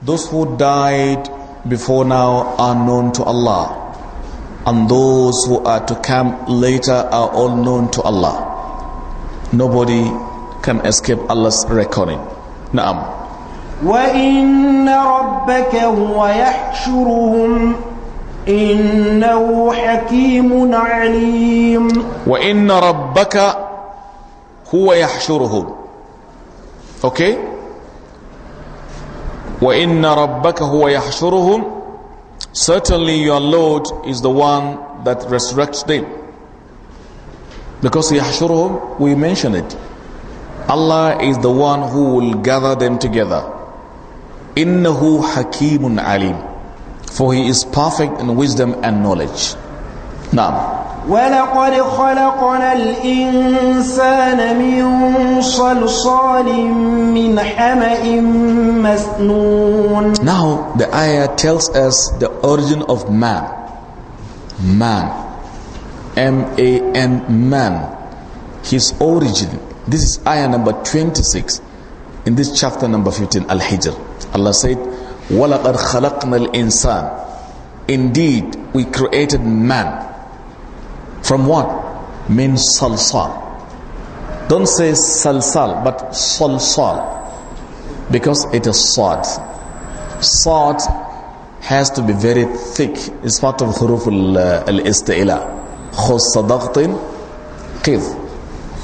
those who died before now are known to Allah. and those who are to come later are all known to Allah. Nobody can escape Allah's reckoning. Naam. وَإِنَّ رَبَّكَ هُوَ يَحْشُرُهُمْ إِنَّهُ حَكِيمٌ عَلِيمٌ وَإِنَّ رَبَّكَ هُوَ يَحْشُرُهُمْ Okay? وَإِنَّ رَبَّكَ هُوَ يَحْشُرُهُمْ Certainly your Lord is the one that resurrects them. Because Yahshuruhum, we mention it. Allah is the one who will gather them together. Innahu Hakimun Alim. For he is perfect in wisdom and knowledge. Now, ولقد خلقنا الإنسان من صلصال من حمأ مسنون Now the ayah tells us the origin of man. Man. M-A-N, man. His origin. This is ayah number 26 in this chapter number 15, Al-Hijr. Allah said, وَلَقَدْ خَلَقْنَا الْإِنسَانِ Indeed, we created man. From what? Means salsal. Don't say salsal, but salsal. Because it is salt. Salt has to be very thick. It's part of huruf uh, al-istila. Khus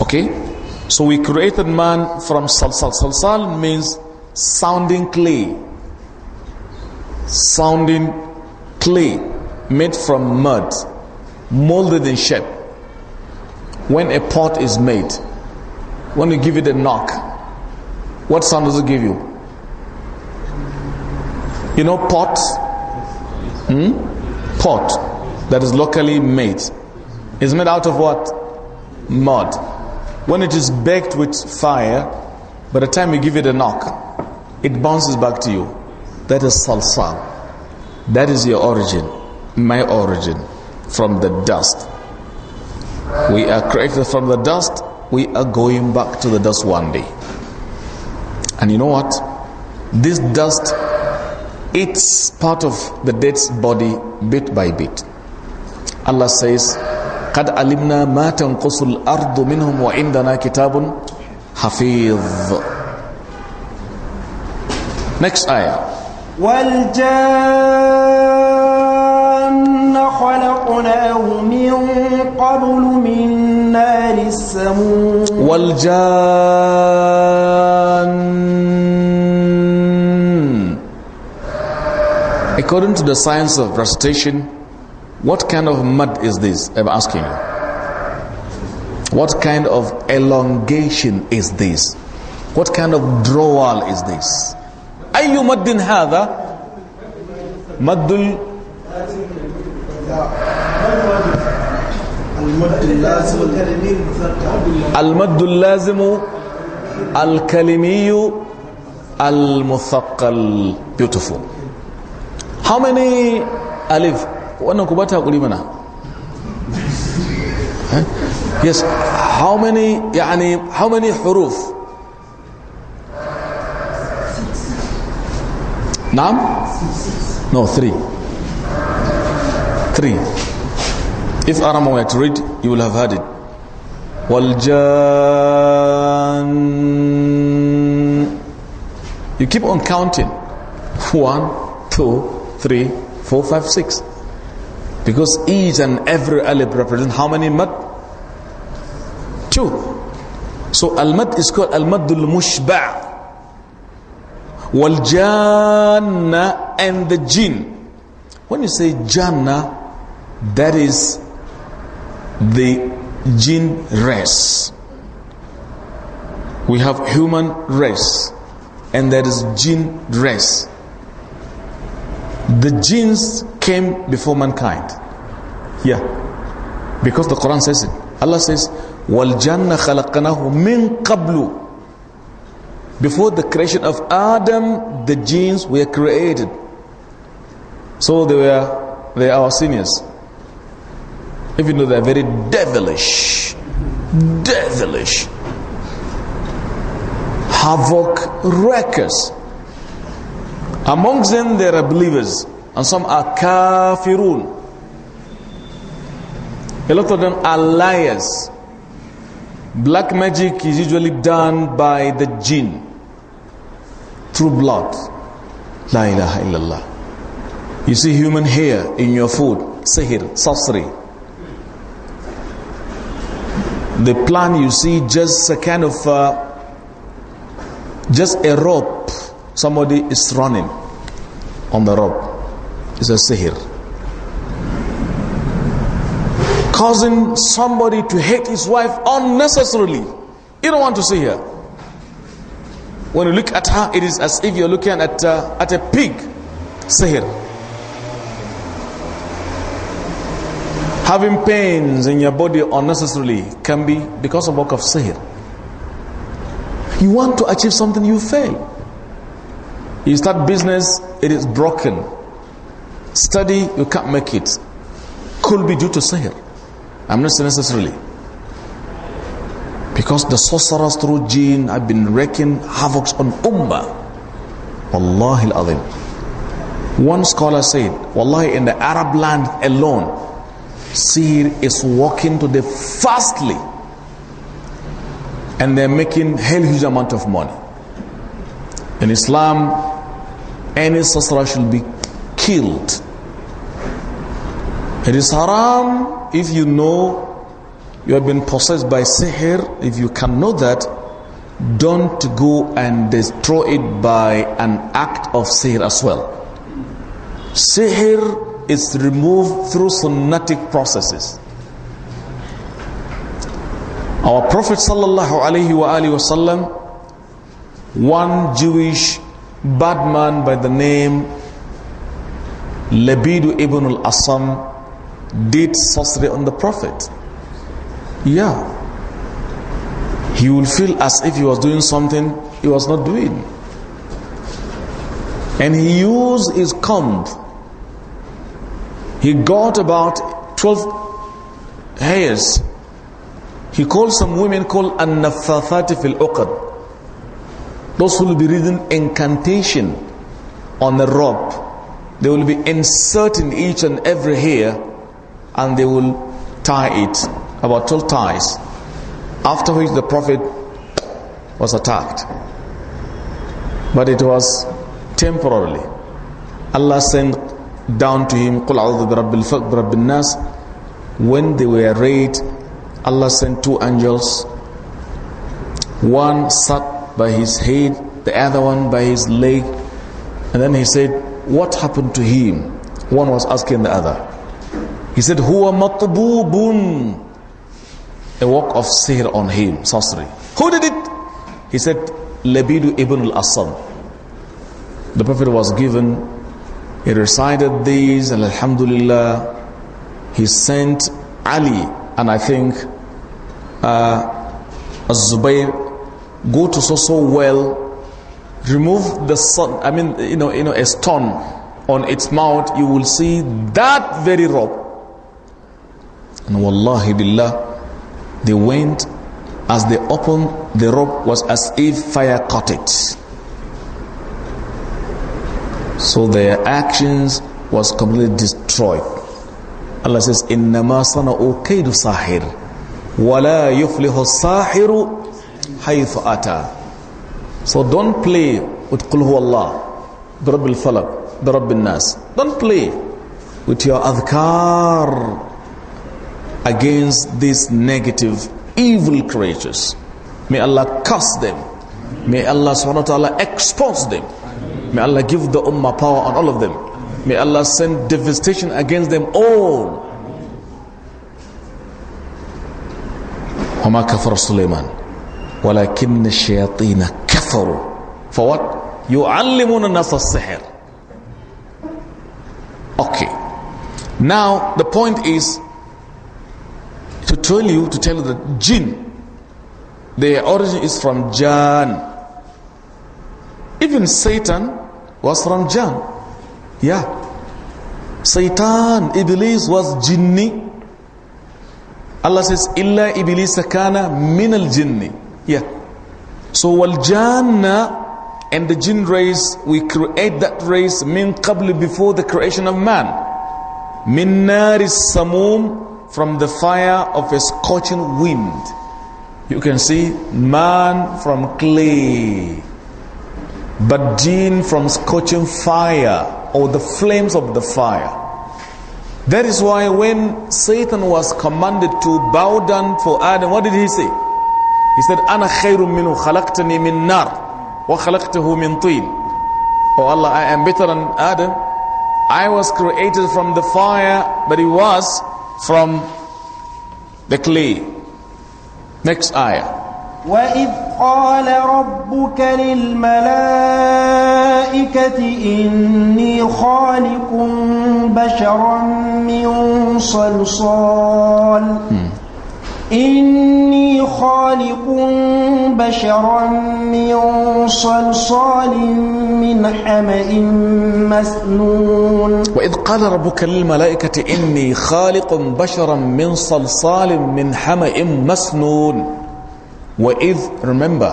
Okay? So we created man from salsal. Salsal means sounding clay. Sounding clay made from mud molded in shape. When a pot is made, when you give it a knock, what sound does it give you? You know pot? Hmm? Pot that is locally made. It's made out of what? Mud. When it is baked with fire, by the time you give it a knock, it bounces back to you. That is salsa. That is your origin, my origin from the dust. We are created from the dust. We are going back to the dust one day. And you know what? This dust eats part of the dead's body bit by bit. Allah says, قد علمنا ما تنقص الأرض منهم وعندنا كتاب حفيظ Next ayah. وَالْجَاءَ According to the science of recitation, what kind of mud is this? I'm asking you. What kind of elongation is this? What kind of drawal is this? أي مد هذا؟ مد والمد اللازم المد اللازم الكلمي المثقل beautiful how many alif wannan ku ba ta hakuri mana yes how many يعني how many حروف نعم no three three If Aram were to read, you will have heard it. Waljan. You keep on counting. One, two, three, four, five, six. Because each and every alif represents how many mad? Two. So al-mad is called al-maddul mushba' wal janna and the jinn when you say janna that is the jinn race. We have human race and there is jinn race. The genes came before mankind. Yeah. Because the Quran says it. Allah says, وَالْجَنَّ خَلَقْنَاهُ مِنْ قَبْلُ Before the creation of Adam, the genes were created. So they were they are our seniors even though they're very devilish devilish havoc wreckers amongst them there are believers and some are kafirun a lot of them are liars black magic is usually done by the jinn through blood la ilaha illallah you see human hair in your food sihir sorcery the plan, you see just a kind of uh, just a rope somebody is running on the rope it's a sihir causing somebody to hate his wife unnecessarily you don't want to see her when you look at her it is as if you're looking at uh, at a pig sihir Having pains in your body unnecessarily can be because of work of sihr. You want to achieve something, you fail. You start business, it is broken. Study, you can't make it. Could be due to sihr. I'm not saying necessarily. Because the sorcerers through jinn have been wreaking havoc on Ummah. Wallahi al One scholar said, Wallahi, in the Arab land alone, seed is walking to the fastly and they're making hell huge amount of money. In Islam, any sorcerer should be killed. It is haram if you know you have been possessed by sihr. If you can know that, don't go and destroy it by an act of sihr as well. Sihr is removed through sunnatic processes. Our Prophet sallallahu alaihi wa wasallam, one Jewish bad man by the name Labidu ibn al-Asam did sorcery on the Prophet. Yeah. He will feel as if he was doing something he was not doing. And he used his comb he got about 12 hairs. He called some women called An-Naffathati fil Uqad. Those who will be reading incantation on a rope. They will be inserting each and every hair and they will tie it, about 12 ties. After which the Prophet was attacked. But it was temporarily. Allah sent down to him, قل a'udhu birabbil faq, When they were raid, Allah sent two angels. One sat by his head, the other one by his leg. And then he said, what happened to him? One was asking the other. He said, "هو matbubun. A work of sihr on him, sorcery. Who did it? He said, Labidu ibn al The Prophet was given he recited these and Alhamdulillah, he sent Ali and I think uh, Zubair go to so-so well, remove the sun, I mean, you know, you know, a stone on its mouth, you will see that very rope. And wallahi billah, they went as they opened the rope was as if fire caught it. So their actions was completely destroyed. Allah says, إِنَّمَا صَنَعُوا كَيْدُ سَاحِرٍ وَلَا يُفْلِحُ السَّاحِرُ حَيْثُ أَتَى So don't play with قُلْ هُوَ اللَّهِ بِرَبِّ الْفَلَقِ بِرَبِّ النَّاسِ Don't play with your adhkar against these negative, evil creatures. May Allah curse them. May Allah subhanahu wa ta'ala expose them. May Allah give the Ummah power on all of them. May Allah send devastation against them all. وما كفر سليمان ولكن الشياطين كفروا for what يعلمون الناس السحر okay now the point is to tell you to tell you that jinn their origin is from jan even Satan was from Jinn. Yeah. Satan, Iblis was jinni. Allah says, Illa Iblis kana min al jinni. Yeah. So wal janna and the jinn race, we create that race min qabli before the creation of man. Min naris samum from the fire of a scorching wind. You can see man from clay but deen from scorching fire or the flames of the fire. That is why when Satan was commanded to bow down for Adam, what did he say? He said, "Ana أَنَا minu مِّنْهُ min nar wa وَخَلَقْتَهُ min طِينٍ Oh Allah, I am better than Adam. I was created from the fire, but he was from the clay. Next ayah. وإذ قال ربك للملائكة إني خالق بشرا من صلصال إني خالق بشرا من صلصال من حمأ مسنون وإذ قال ربك للملائكة إني خالق بشرا من صلصال من حمأ مسنون وَإِذْ Remember,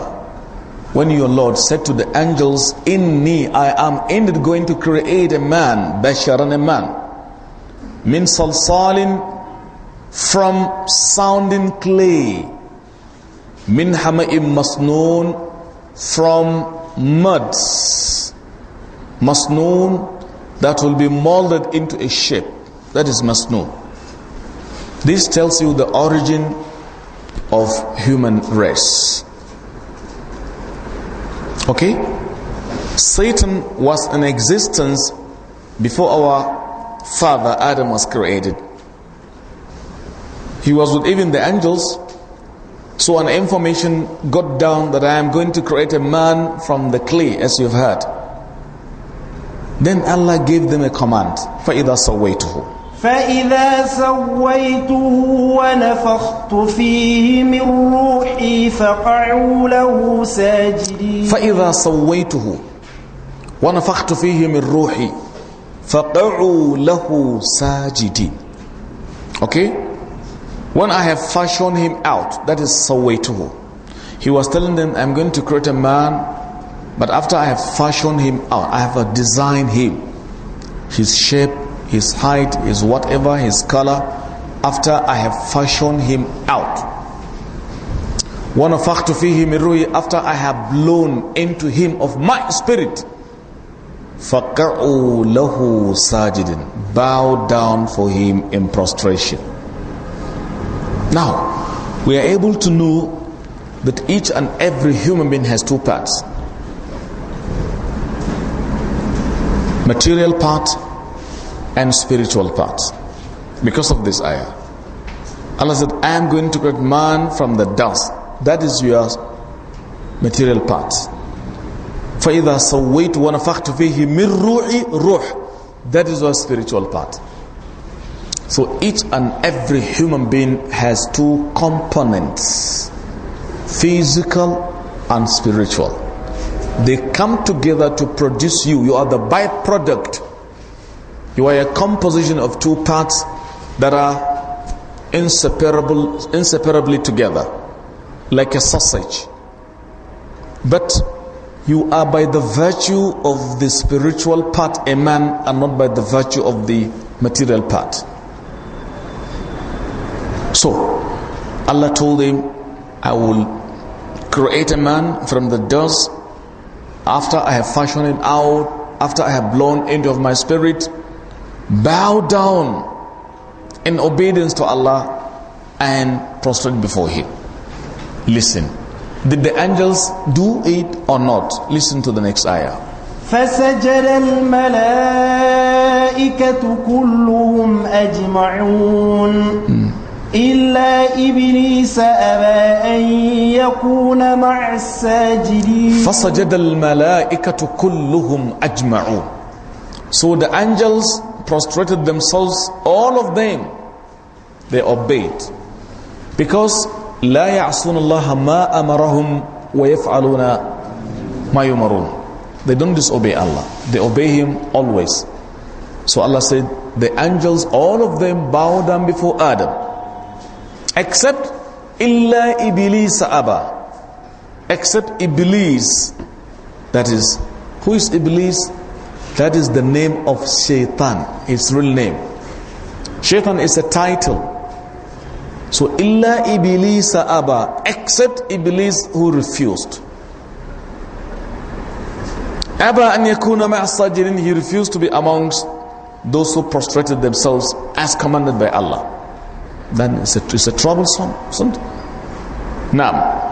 when your Lord said to the angels, Inni, I am indeed going to create a man, Basharan a man, min salsalin, from sounding clay, min hama'im masnoon, from muds, masnoon, that will be molded into a shape. That is masnoon. This tells you the origin of human race. Okay? Satan was in existence before our father Adam was created. He was with even the angels. So an information got down that I am going to create a man from the clay, as you've heard. Then Allah gave them a command, فَإِذَا سَوَّيْتُهُ فإذا سويته ونفخت فيه من روحي فقعوا له ساجدين فإذا سويته ونفخت فيه من روحي فقعوا له ساجدين Okay? When I have fashioned him out, that is is سَوَيْتُهُ. He was telling them, I'm going to create a man, but after I have fashioned him out, I have designed him, his shape, his height, his whatever, his color, after I have fashioned him out. وَنَفَخْتُ فِيهِ مِنْ رُوحِي After I have blown into him of my spirit. فَقَعُوا لَهُ Bow down for him in prostration. Now, we are able to know that each and every human being has two parts. Material part and spiritual parts. Because of this ayah. Allah said, I am going to create man from the dust. That is your material part. فَإِذَا سَوَّيْتُ وَنَفَخْتُ فِيهِ مِنْ رُوحِ رُوح That is your spiritual part. So each and every human being has two components. Physical and spiritual. They come together to produce you. You are the byproduct you are a composition of two parts that are inseparable, inseparably together, like a sausage. But you are by the virtue of the spiritual part a man and not by the virtue of the material part. So, Allah told him, I will create a man from the dust after I have fashioned it out, after I have blown into of my spirit, bow down in obedience to Allah and prostrate before Him. Listen. Did the angels do it or not? Listen to the next ayah. فسجد الملائكة كلهم أجمعون إلا إبليس أبى أن يكون مع الساجدين فسجد الملائكة كلهم أجمعون So the angels prostrated themselves, all of them, they obeyed. Because لا يعصون الله ما أمرهم ويفعلون ما يمرون. They don't disobey Allah. They obey Him always. So Allah said, the angels, all of them bow down before Adam. Except إِلَّا إِبْلِيسَ أَبَا. Except Iblis. That is, who is Iblis? That is the name of Shaitan, its real name. Shaitan is a title. So, illa Iblis Abba, except Iblis who refused. Abba an yakuna ma'asajirin, he refused to be amongst those who prostrated themselves as commanded by Allah. Then it's a, it's a troublesome. Now,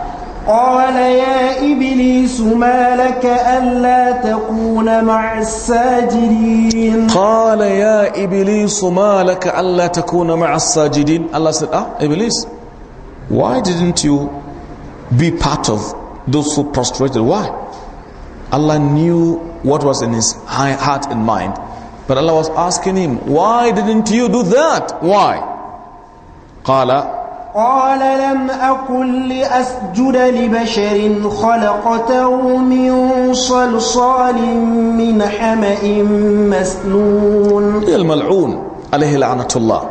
قال يا إبليس ما لك ألا تكون مع الساجدين قال يا إبليس ما لك ألا تكون مع الساجدين Allah said ah إبليس why didn't you be part of those who prostrated why Allah knew what was in his heart and mind but Allah was asking him why didn't you do that why قال قال لم أكن لأسجد لبشر خلقته من صلصال من حمأ مسنون الملعون عليه لعنة الله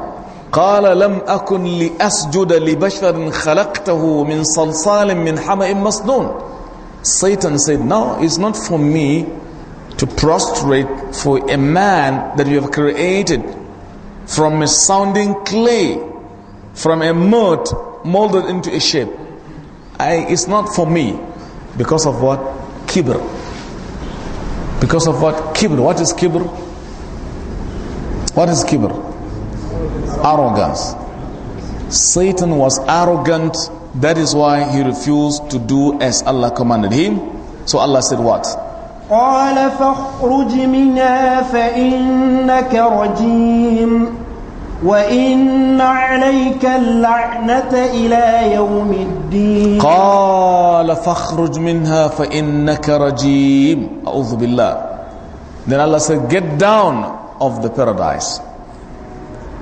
قال لم أكن لأسجد لبشر خلقته من صلصال من حمأ مسنون Satan said, no, it's not for me to prostrate for a man that you have created from a sounding clay from a mud molded into a shape. I, it's not for me because of what? Kibr. Because of what? Kibr. What is kibr? What is kibr? Arrogance. Satan was arrogant. That is why he refused to do as Allah commanded him. So Allah said what? قال فاخرج منها فإنك رجيم وإن عليك اللعنة إلى يوم الدين قال فاخرج منها فإنك رجيم أعوذ بالله Then Allah said get down of the paradise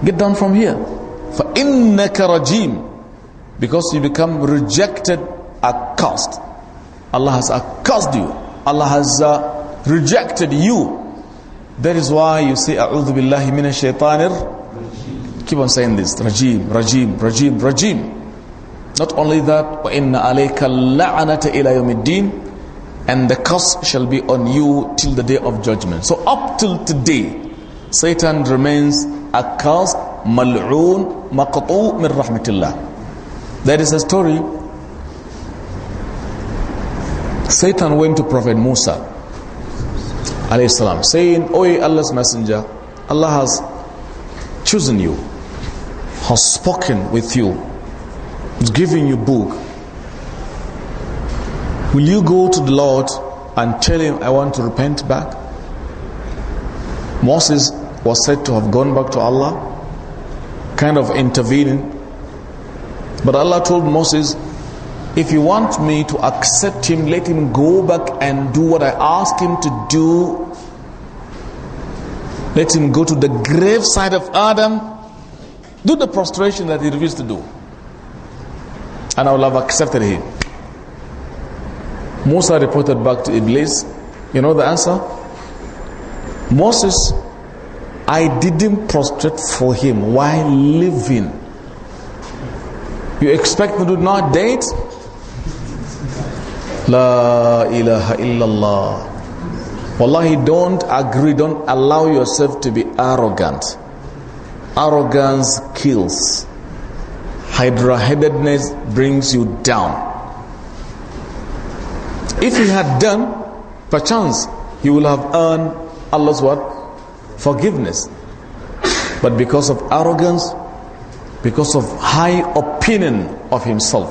Get down from here فإنك رجيم Because you become rejected accursed Allah has accursed you Allah has uh, rejected you That is why you say أعوذ بالله من الشيطان الرجيم Keep on saying this. Rajim, Rajim, Rajim, Rajim. Not only that, And the curse shall be on you till the day of judgment. So up till today, Satan remains accursed, mal'oon, maqtu' min rahmatillah. There is a story. Satan went to Prophet Musa salam, saying, O Allah's messenger, Allah has chosen you has spoken with you, is giving you book, will you go to the Lord and tell him, I want to repent back? Moses was said to have gone back to Allah, kind of intervening. But Allah told Moses, if you want me to accept him, let him go back and do what I asked him to do. Let him go to the grave side of Adam do the prostration that he refused to do. And I will have accepted him. Musa reported back to Iblis. You know the answer? Moses, I didn't prostrate for him while living. You expect me to not date? La ilaha illallah. Wallahi, don't agree, don't allow yourself to be arrogant. Arrogance kills. Hydra-headedness brings you down. If he had done, perchance he will have earned Allah's what? Forgiveness. But because of arrogance, because of high opinion of himself.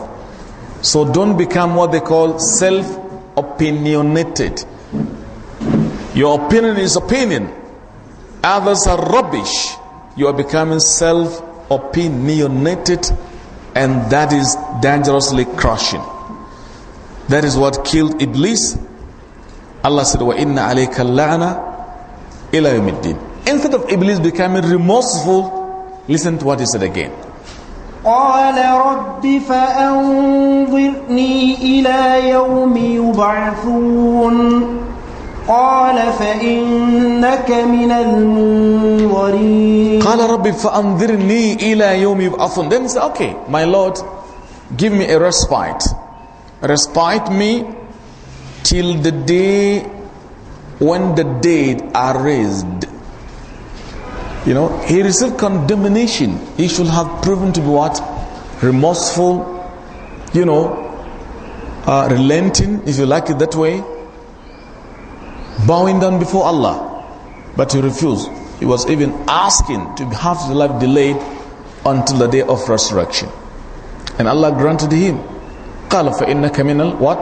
So don't become what they call self-opinionated. Your opinion is opinion. Others are rubbish you are becoming self opinionated, and that is dangerously crushing. That is what killed Iblis. Allah said, "Wa inna alayka la'na ila yumiddin." Instead of Iblis becoming remorseful, listen to what he said again. قال رب فأنظرني إلى يوم يبعثون قال فإنك من المنظرين قال رب فأنظرني إلى يوم يبعثون then he said okay my lord give me a respite respite me till the day when the dead are raised you know he received condemnation he should have proven to be what remorseful you know uh, relenting if you like it that way bowing down before Allah. But he refused. He was even asking to have his life delayed until the day of resurrection. And Allah granted him. قَالَ فَإِنَّكَ مِنَ What?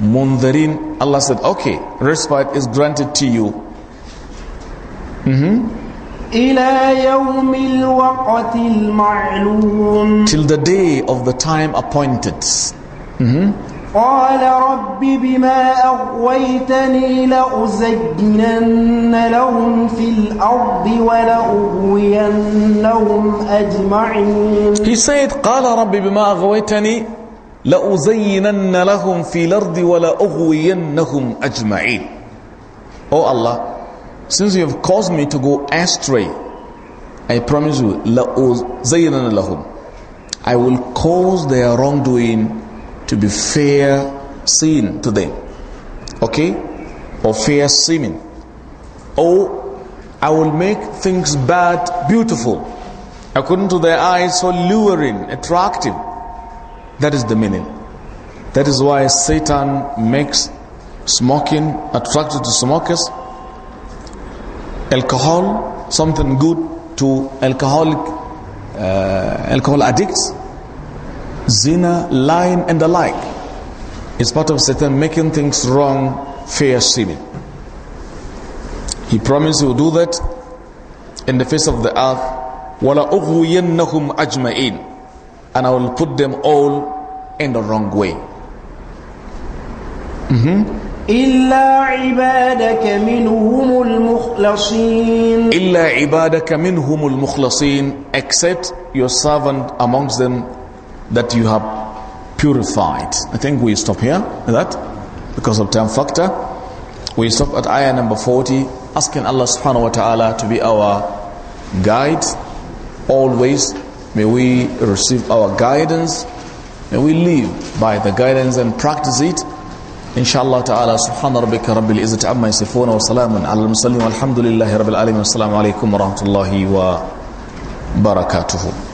Mundarin. Allah said, okay, respite is granted to you. Mm -hmm. إلى يوم الوقت المعلوم Till the day of the time appointed. Mm -hmm. قال رب بما أغويتني لأزينن لهم في الأرض ولأغوينهم أجمعين He said قال رب بما أغويتني لأزينن لهم في الأرض ولأغوينهم أجمعين Oh Allah since you have caused me to go astray I promise you لأزينن لهم I will cause their wrongdoing to be fair seen to them. Okay? Or fair seeming. Oh, I will make things bad beautiful. According to their eyes, so luring, attractive. That is the meaning. That is why Satan makes smoking attractive to smokers, alcohol, something good to alcoholic, uh, alcohol addicts, zina, lying, and the like. It's part of Satan making things wrong, fair seeming. He promised he will do that in the face of the earth. And I will put them all in the wrong way. إلا عبادك منهم المخلصين إلا عبادك منهم المخلصين except your servant amongst them that you have purified. I think we stop here that because of time factor. We stop at ayah number 40, asking Allah subhanahu wa ta'ala to be our guide. Always may we receive our guidance. May we live by the guidance and practice it. Inshallah ta'ala, subhana rabbika rabbil izzati amma yasifuna wa salamun ala al-muslimin walhamdulillahi rabbil alamin. Assalamu alaikum warahmatullahi wa barakatuhu.